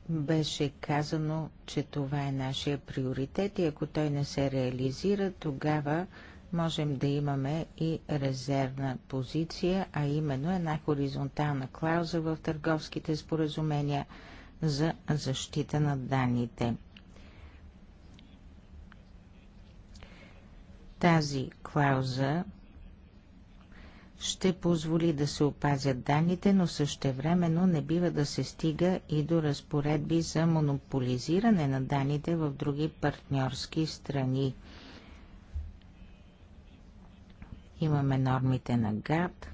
беше казано, че това е нашия приоритет и ако той не се реализира, тогава можем да имаме и резервна позиция, а именно една хоризонтална клауза в търговските споразумения за защита на данните. Тази клауза ще позволи да се опазят данните, но същевременно не бива да се стига и до разпоредби за монополизиране на данните в други партньорски страни. Имаме нормите на ГАД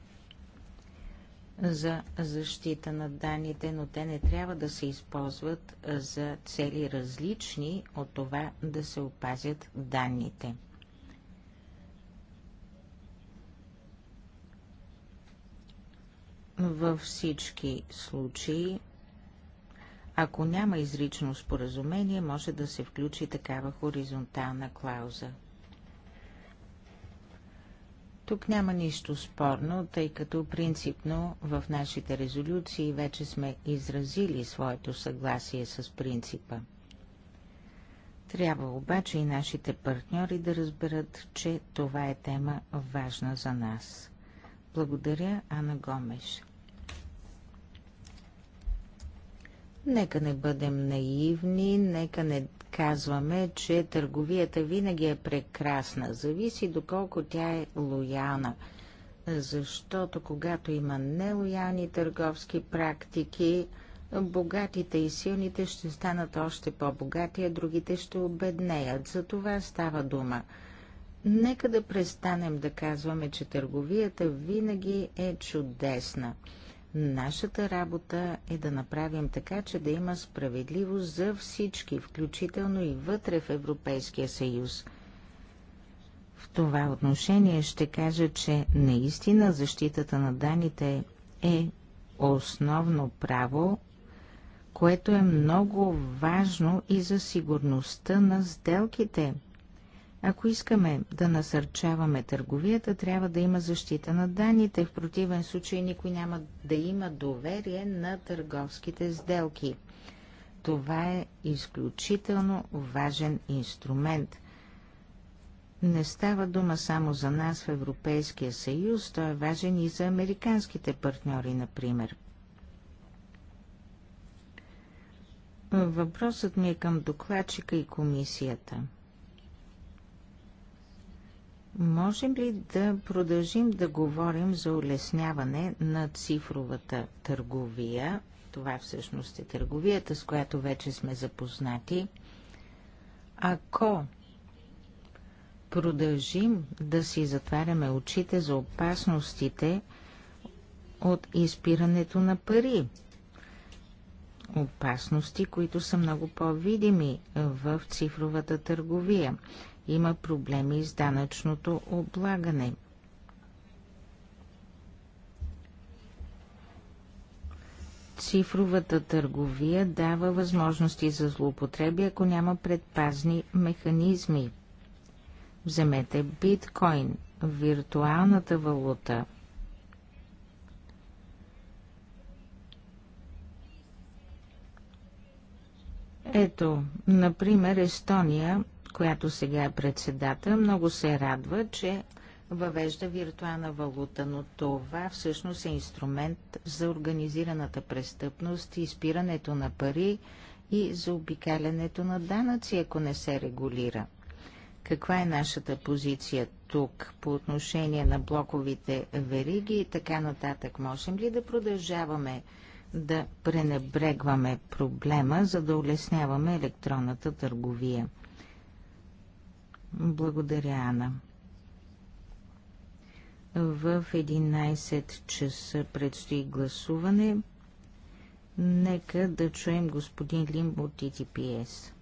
за защита на данните, но те не трябва да се използват за цели различни от това да се опазят данните. Във всички случаи, ако няма изрично споразумение, може да се включи такава хоризонтална клауза. Тук няма нищо спорно, тъй като принципно в нашите резолюции вече сме изразили своето съгласие с принципа. Трябва обаче и нашите партньори да разберат, че това е тема важна за нас. Благодаря, Ана Гомеш. Нека не бъдем наивни, нека не казваме, че търговията винаги е прекрасна. Зависи доколко тя е лоялна. Защото когато има нелоялни търговски практики, богатите и силните ще станат още по-богати, а другите ще обеднеят. За това става дума – Нека да престанем да казваме, че търговията винаги е чудесна. Нашата работа е да направим така, че да има справедливост за всички, включително и вътре в Европейския съюз. В това отношение ще кажа, че наистина защитата на даните е основно право, което е много важно и за сигурността на сделките – ако искаме да насърчаваме търговията, трябва да има защита на данните. В противен случай никой няма да има доверие на търговските сделки. Това е изключително важен инструмент. Не става дума само за нас в Европейския съюз, той е важен и за американските партньори, например. Въпросът ми е към докладчика и комисията – Можем ли да продължим да говорим за улесняване на цифровата търговия? Това всъщност е търговията, с която вече сме запознати. Ако продължим да си затваряме очите за опасностите от изпирането на пари, опасности, които са много по-видими в цифровата търговия има проблеми с данъчното облагане. Цифровата търговия дава възможности за злоупотреби, ако няма предпазни механизми. Вземете биткоин, виртуалната валута – Ето, например, Естония която сега е председател, много се радва, че въвежда виртуална валута, но това всъщност е инструмент за организираната престъпност, и изпирането на пари и за обикалянето на данъци, ако не се регулира. Каква е нашата позиция тук по отношение на блоковите вериги и така нататък? Можем ли да продължаваме да пренебрегваме проблема, за да улесняваме електронната търговия? Благодаря, Ана. В 11 часа предстои гласуване. Нека да чуем господин Лимб от ТТПС.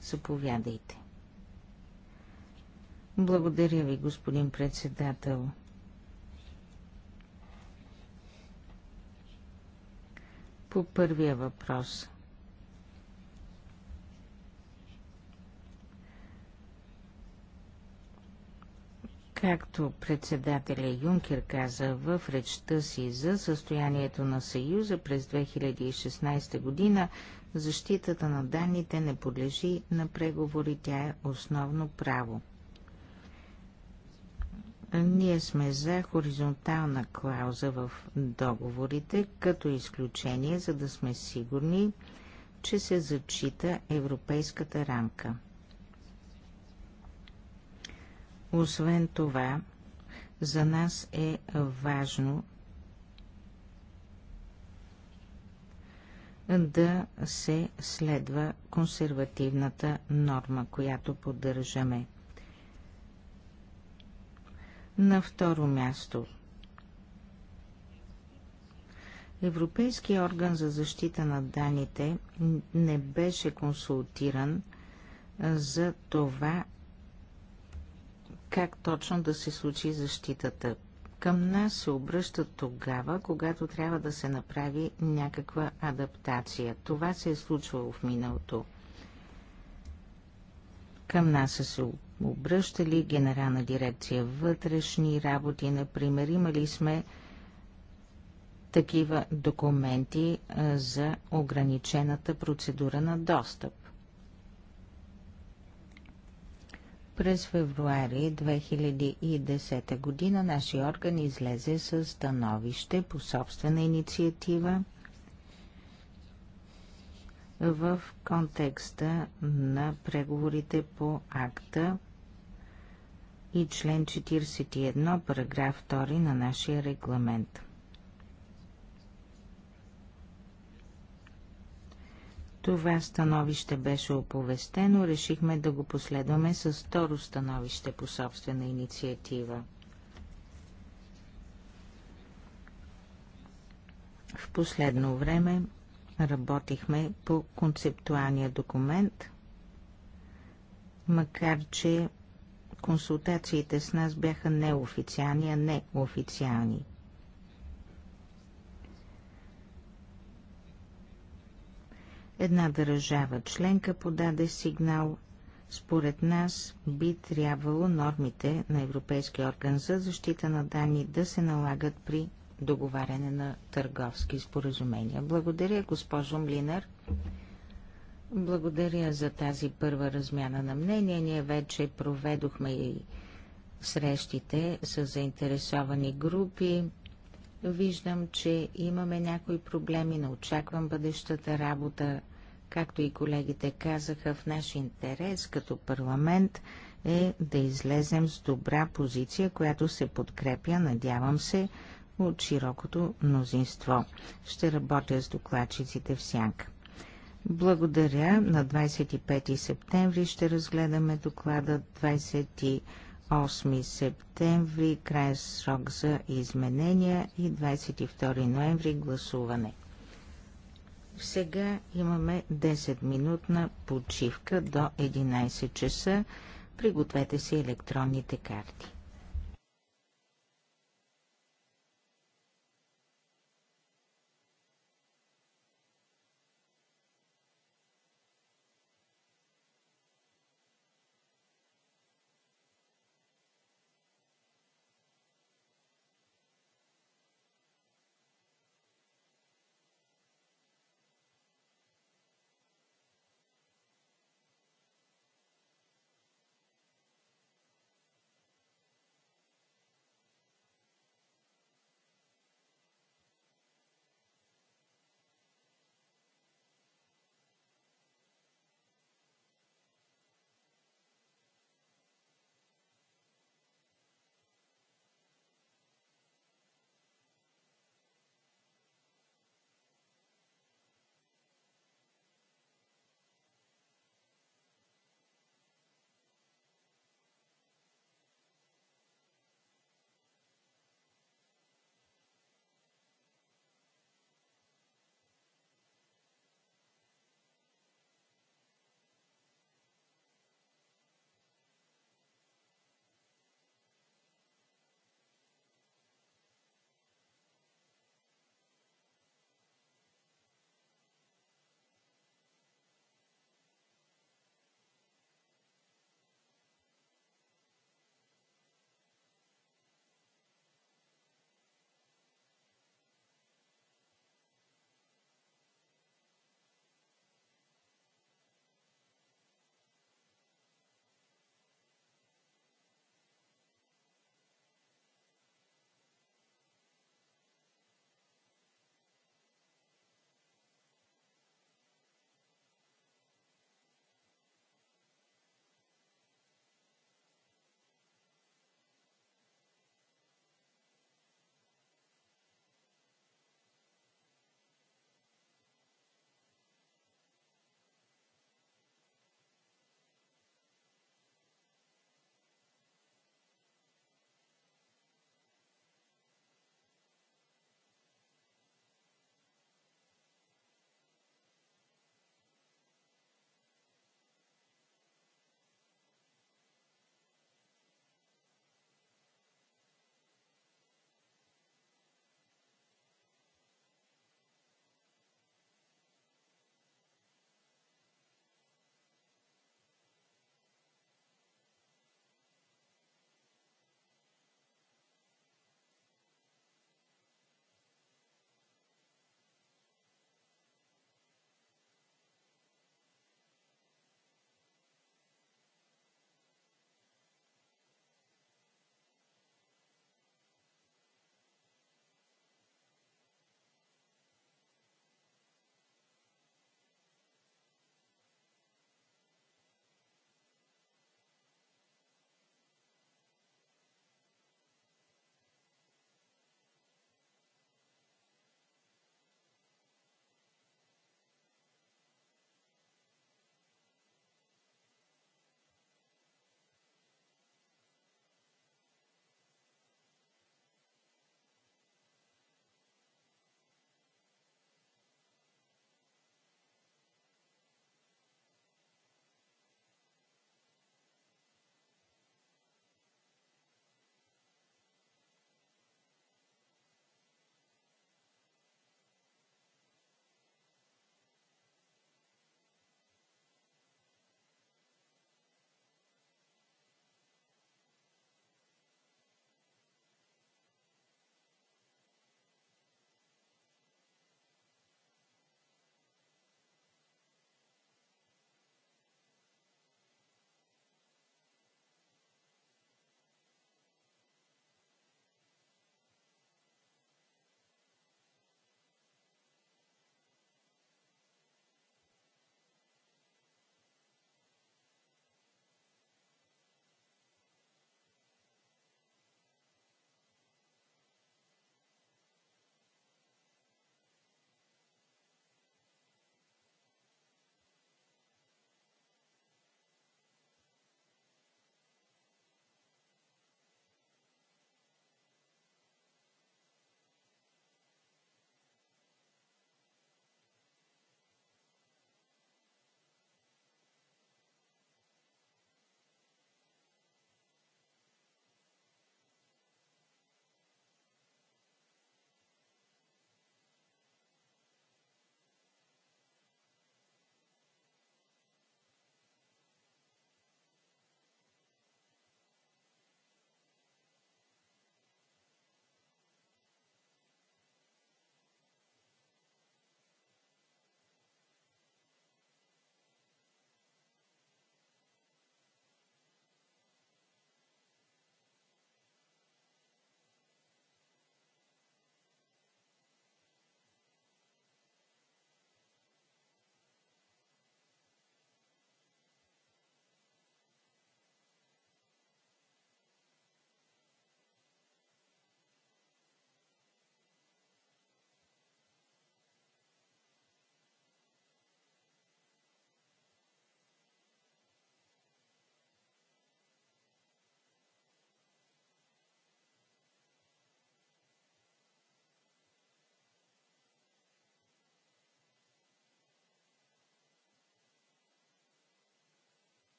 Заповядайте. Благодаря ви, господин председател. По първия въпрос. Както председателя Юнкер каза в речта си за състоянието на Съюза през 2016 година, защитата на данните не подлежи на преговори, тя е основно право. Ние сме за хоризонтална клауза в договорите, като изключение, за да сме сигурни, че се зачита европейската рамка – освен това, за нас е важно да се следва консервативната норма, която поддържаме. На второ място Европейския орган за защита на данните не беше консултиран за това как точно да се случи защитата. Към нас се обръщат тогава, когато трябва да се направи някаква адаптация. Това се е случвало в миналото. Към нас са се обръщали генерална дирекция вътрешни работи, например, имали сме такива документи за ограничената процедура на достъп. През февруари 2010 година наши орган излезе с становище по собствена инициатива в контекста на преговорите по акта и член 41, параграф 2 на нашия регламент. Това становище беше оповестено, решихме да го последваме с второ становище по собствена инициатива. В последно време работихме по концептуалния документ, макар че консултациите с нас бяха неофициални, а неофициални. Една държава членка подаде сигнал. Според нас би трябвало нормите на Европейския орган за защита на данни да се налагат при договаряне на търговски споразумения. Благодаря, госпожо Млинар. Благодаря за тази първа размяна на мнение. Ние вече проведохме и срещите с заинтересовани групи. Виждам, че имаме някои проблеми, но очаквам бъдещата работа Както и колегите казаха, в наш интерес като парламент е да излезем с добра позиция, която се подкрепя, надявам се, от широкото мнозинство. Ще работя с докладчиците в сянка. Благодаря. На 25 септември ще разгледаме доклада 28 септември, край срок за изменения и 22 ноември гласуване. Сега имаме 10-минутна почивка до 11 часа. Пригответе си електронните карти.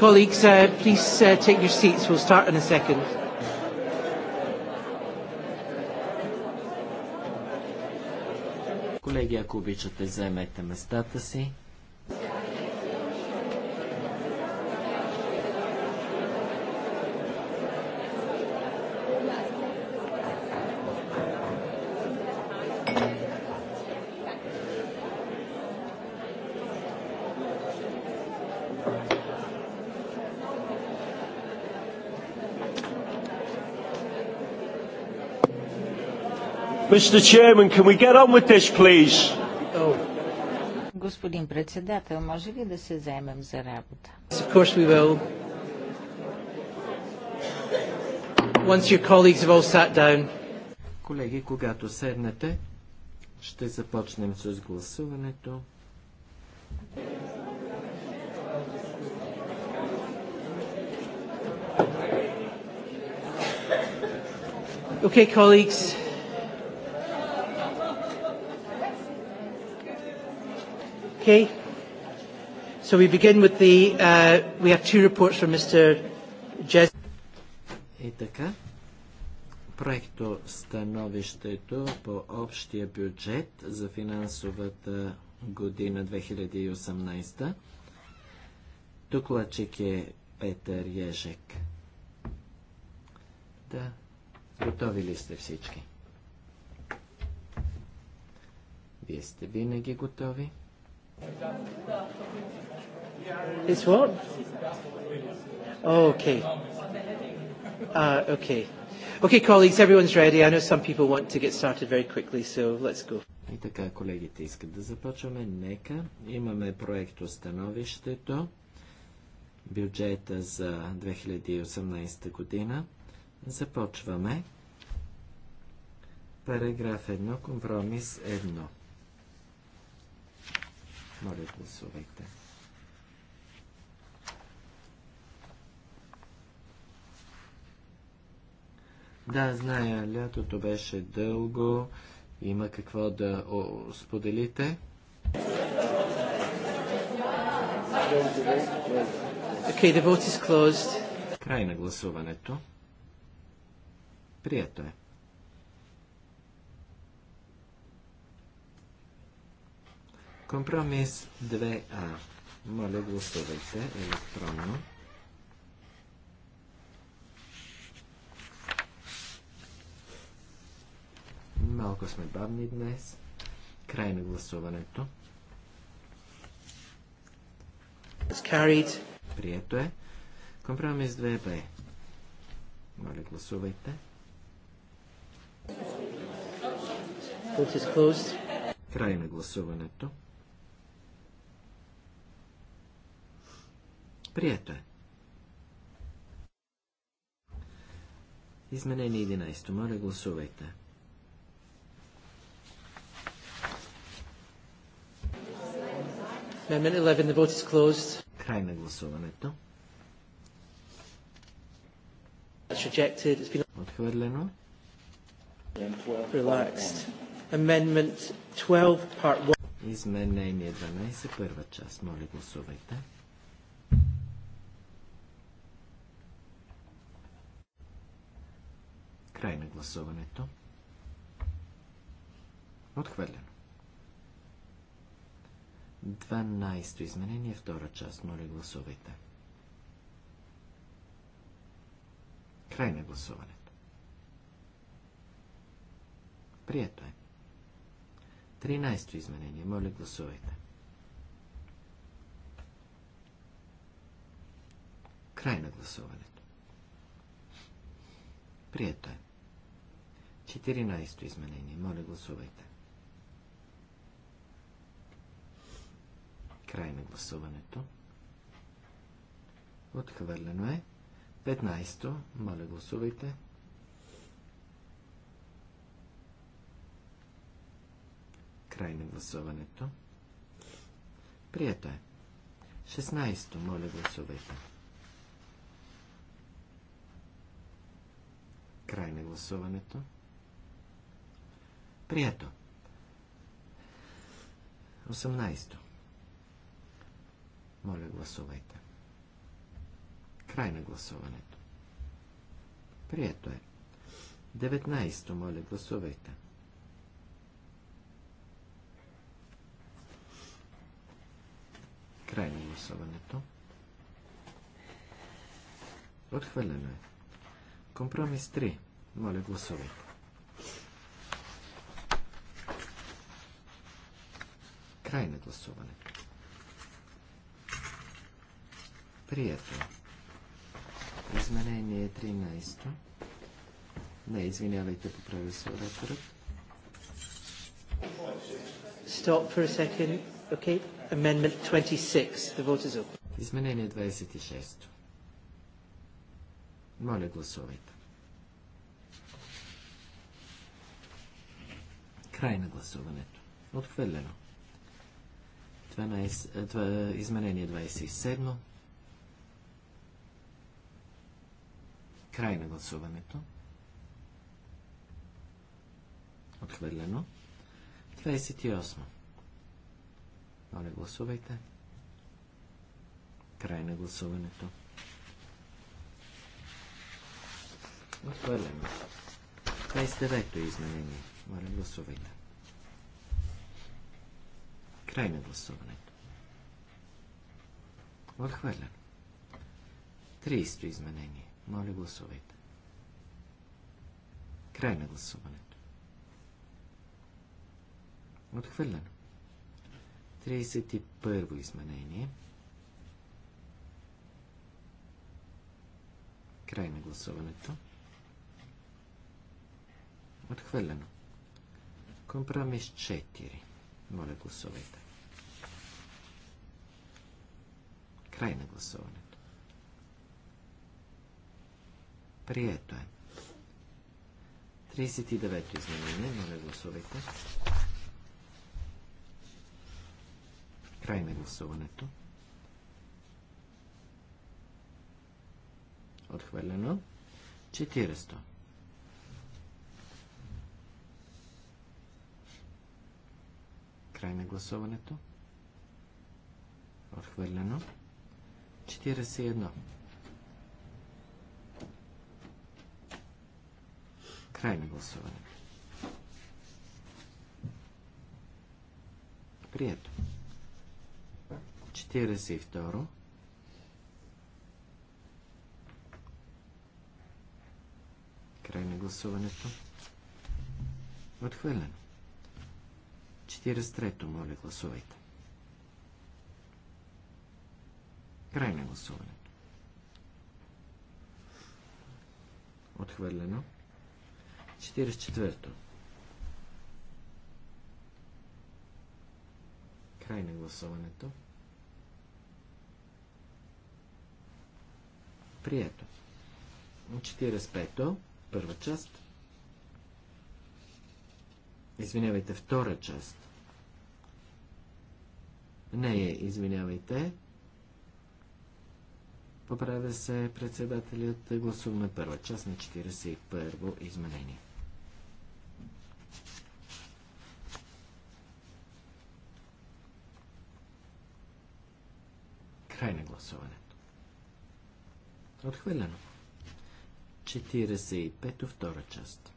Colleagues, uh, please uh, take your seats. We'll start in a second. Колеги, ако обичате, заемете местата си. Mr. Chairman, can we get on with this, please? Господин председател, може ли да се заемем за работа? Of course we will. Once your colleagues have all sat down. Колеги, когато седнете, ще започнем с гласуването. Okay, colleagues, Okay. So we begin with the, uh, we have two reports from Mr. Jez. И така, проекто становището по общия бюджет за финансовата година 2018. Докладчик е Петър Ежек. Да, готови ли сте всички? Вие сте винаги готови. It's what? Oh, okay. Uh, okay. Okay, colleagues, everyone's ready. I know some people want to get started very quickly, so let's go. И така, колегите искат да започваме. Нека. Имаме проект установището. бюджета за 2018 година. Започваме. Параграф 1, компромис 1. Моля, гласувайте. Да, зная, лятото беше дълго. Има какво да о, споделите. Okay, the vote is closed. Край на гласуването. Прието е. Компромис 2А. Моля, гласувайте електронно. Малко сме бавни днес. Край на гласуването. Прието е. Компромис 2Б. Моля, гласувайте. Край на гласуването. Прието е. Изменение 11. Моля, гласувайте. Край на гласуването. Отхвърлено. Изменение 12, първа част. Моля, гласувайте. гласуването. Отхвърлено. 12 то изменение, втора част. Моля, гласувайте. Край на гласуването. Прието е. 13 изменение. Моля, гласувайте. Край на гласуването. Прието е. 14 то изменение. Моля, гласувайте. Край на гласуването. Отхвърлено е. 15. то Моля, гласувайте. Край на гласуването. Прието е. 16. то Моля, гласувайте. Край на гласуването. Прието. 18. Моля, гласувайте. Край на гласуването. Прието е. 19. Моля, гласувайте. Край на гласуването. Отхвърлено е. Компромис 3. Моля, гласувайте. Край на гласуването. Прието. Изменение 13. Не, извинявайте, поправя се ораторът. Stop for a second. Okay. Amendment 26. The vote is open. Изменение 26. Моля, гласувайте. Край на гласуването. Отхвърлено. 12, е, изменение 27. Край на гласуването. Отхвърлено. 28. Моля, гласувайте. Край на гласуването. Отхвърлено. 29-то е изменение. Моля, гласувайте. Край на гласуването. Отхвърлено. 30 изменение. Моля, гласувайте. Край на гласуването. Отхвърлено. 31 во изменение. Край на гласуването. Отхвърлено. Компромис 4. Моля, гласувайте. Край на гласуването. Прието е. 39-то изменение. Моля, гласувайте. Край на гласуването. Отхвърлено. 400. Край на гласуването. Отхвърлено. 41. Край на гласуването. Прието. 42. Край на гласуването. Отхвърлено. 43. Моля, гласувайте. Край на гласуването. Отхвърлено. 44-то. Край на гласуването. Прието. 45-то. Първа част. Извинявайте, втора част. Не, е, извинявайте. Поправя се председателят. Гласуваме първа част на 41 во изменение. Край на гласуването. Отхвърлено. 45 то втора част.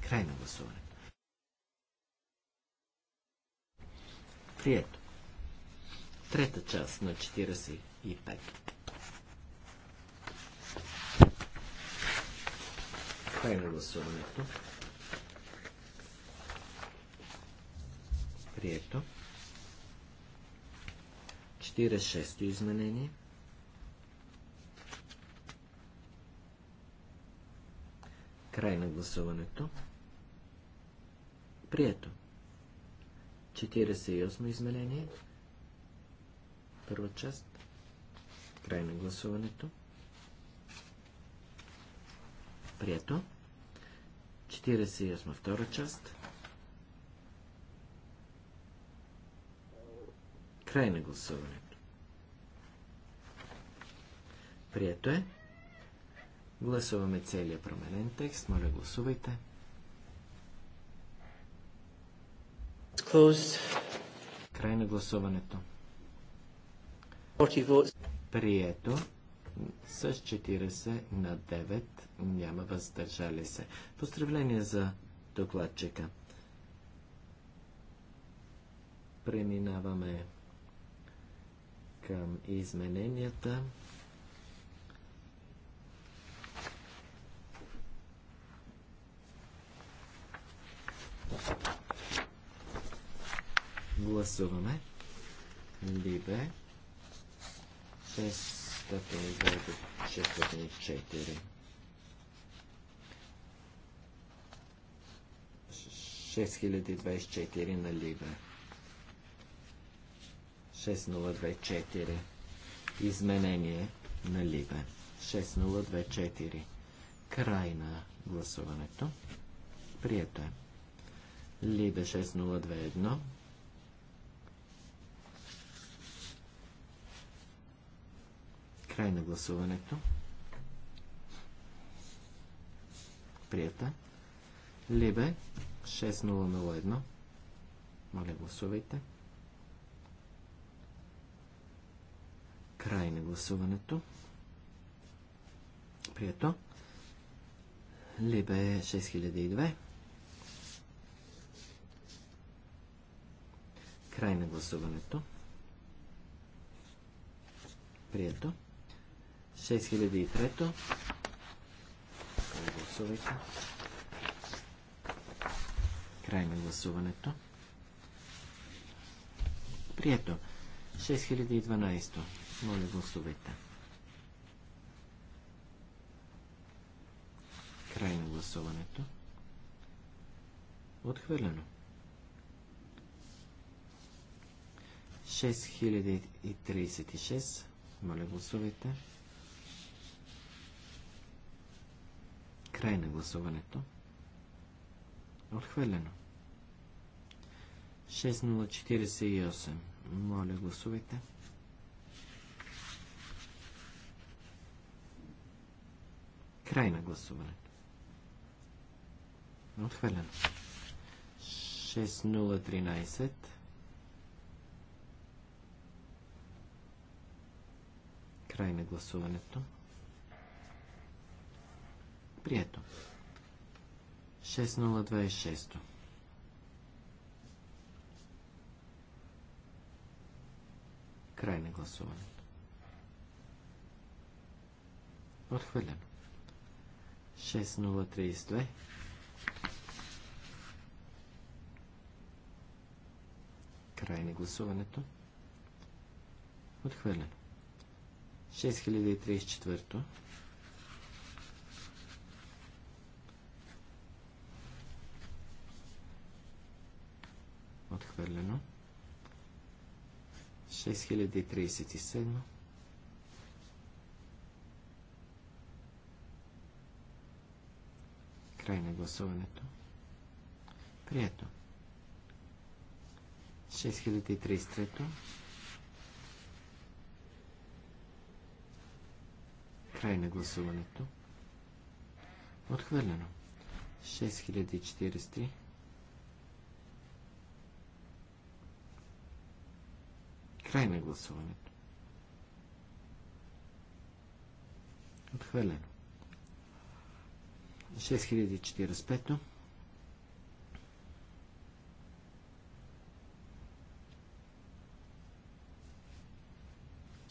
Край на гласуването. Прието трета част на 45. Край на гласуването. Прието. 46-то изменение. Край на гласуването. Прието. 48 изменение. Първа част. Край на гласуването. Прието. 48 втора част. Край на гласуването. Прието е. Гласуваме целият променен текст. Моля, гласувайте. Closed. Край на гласуването. Прието с 40 на 9 няма въздържали се. Поздравление за докладчика. Преминаваме към измененията. Гласуваме. Либе. 6024 на Либе. 6024. Изменение на Либе. 6024. Край на гласуването. Прието е. Либе 6021 Край на гласуването. Прията. Либе 6001. Моля, гласувайте. Край на гласуването. Прието. Либе 6002. Край на гласуването. Прието. 6003. Гласувайте. Край на гласуването. Прието. 6012. Моля, гласувайте. Край на гласуването. Отхвърлено. 6036. Моля, гласувайте. Край на гласуването. Отхвърлено. 6048. Моля, гласувайте. Край на гласуването. Отхвърлено. 6013. Край на гласуването. 6013. Прието. 6026. Край на гласуването. Отхвърлям. 6032. Край на гласуването. Отхвърлено. 6034. Отхвърлено. 6037. Край на гласуването. Прието. 6033. Край на гласуването. Отхвърлено. 6043. Край на гласуването. Отхвърлено. 6045.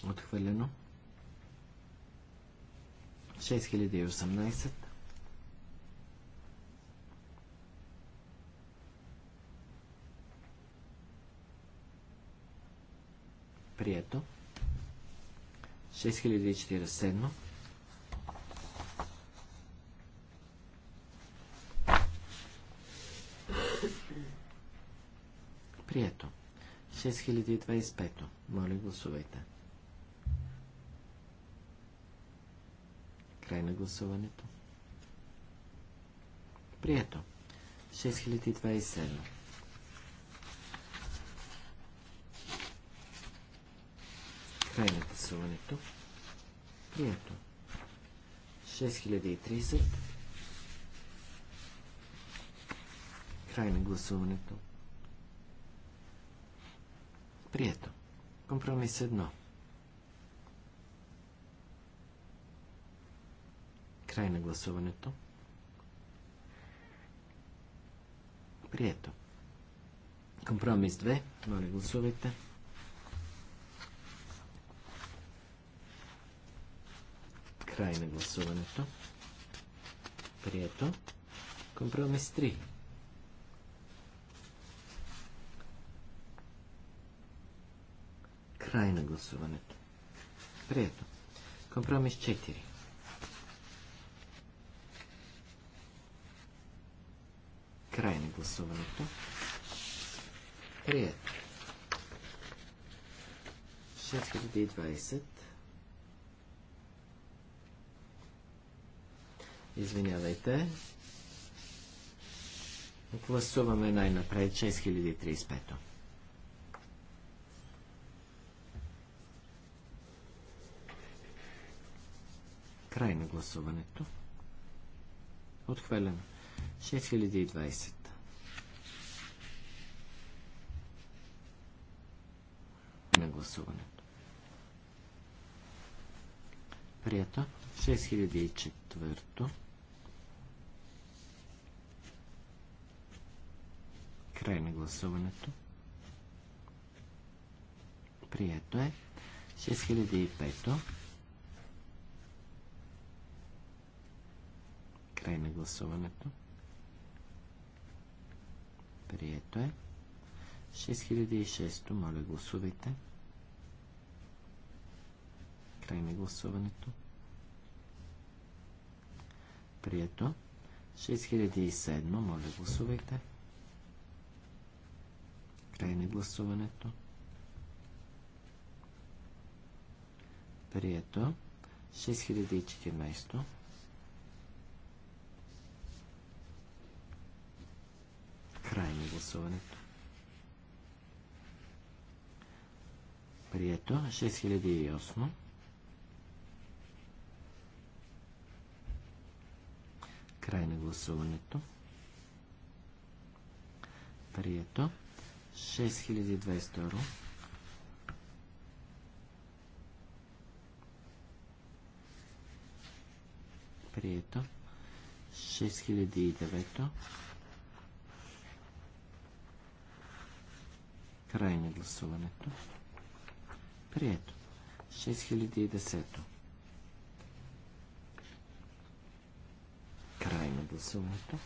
Отхвърлено. 6018. Прието. 6047. Прието. 6025. Моля, гласувайте. Край на гласуването. Прието. 6027. Край на гласуването. Прието. 6030. Край на гласуването. Прието. Компромис 1. Край на гласуването. Прието. Компромис 2. Моля, гласувайте. Край на гласуването. Прието. Компромис 3. Край на гласуването. Прието. Компромис 4. Край на гласуването. Прието. 6020 Извинявайте. Гласуваме най-напред 6035. Край на гласуването. Отхвелено. 6020. на гласуването. Прието. 6004. Край на гласуването. Прието е. 6005. Край на гласуването. Прието е. 6006. Моля, гласувайте. Край на гласуването. Прието. 6007. Моля, гласувайте. Край на гласуването. Прието. 6014. Край на гласуването. Прието. 6008. Край на гласуването. Прието. 6022. Прието. 6009. Край на гласуването. Прието. 6010. Край на гласуването.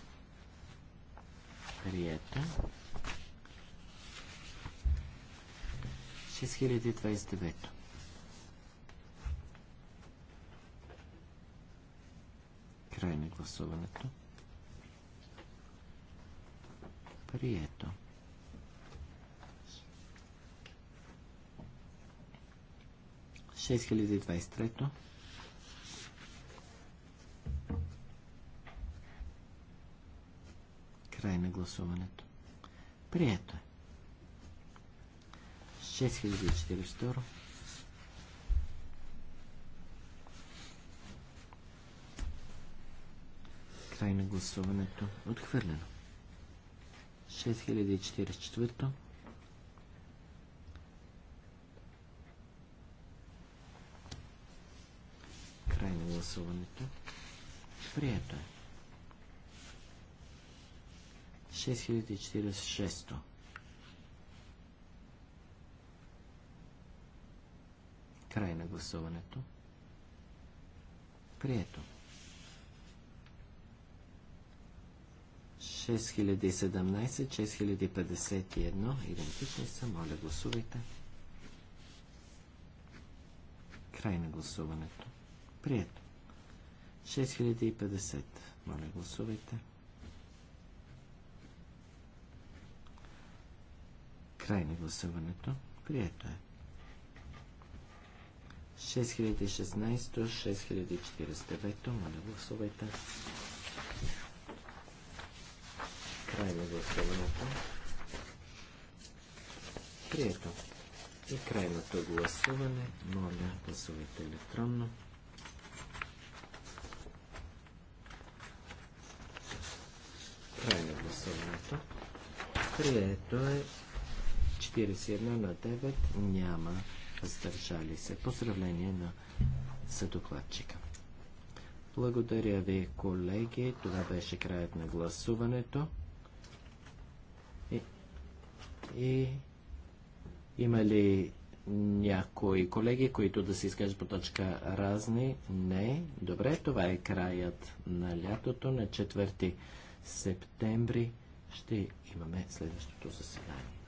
Прието. 6029. Край на гласуването. Прието. Шест Край на гласуването. Прието е. 6042. Край на гласуването. Отхвърлено. 6044. Край на гласуването. Прието е. 6046. Край на гласуването. Прието. 6017, 6051, идентични са, моля гласувайте. Край на гласуването. Прието. 6050, моля гласувайте. Край на гласуването. Прието е. 6016-6049. Моля, гласувайте. Край на гласуването. Прието. И крайното гласуване. Моля, гласувайте електронно. Край на гласуването. Прието е 41 на 9. Няма въздържали се. Поздравление на съдокладчика. Благодаря ви, колеги. Това беше краят на гласуването. И, и има ли някои колеги, които да се изкажат по точка разни? Не. Добре, това е краят на лятото. На 4 септември ще имаме следващото заседание.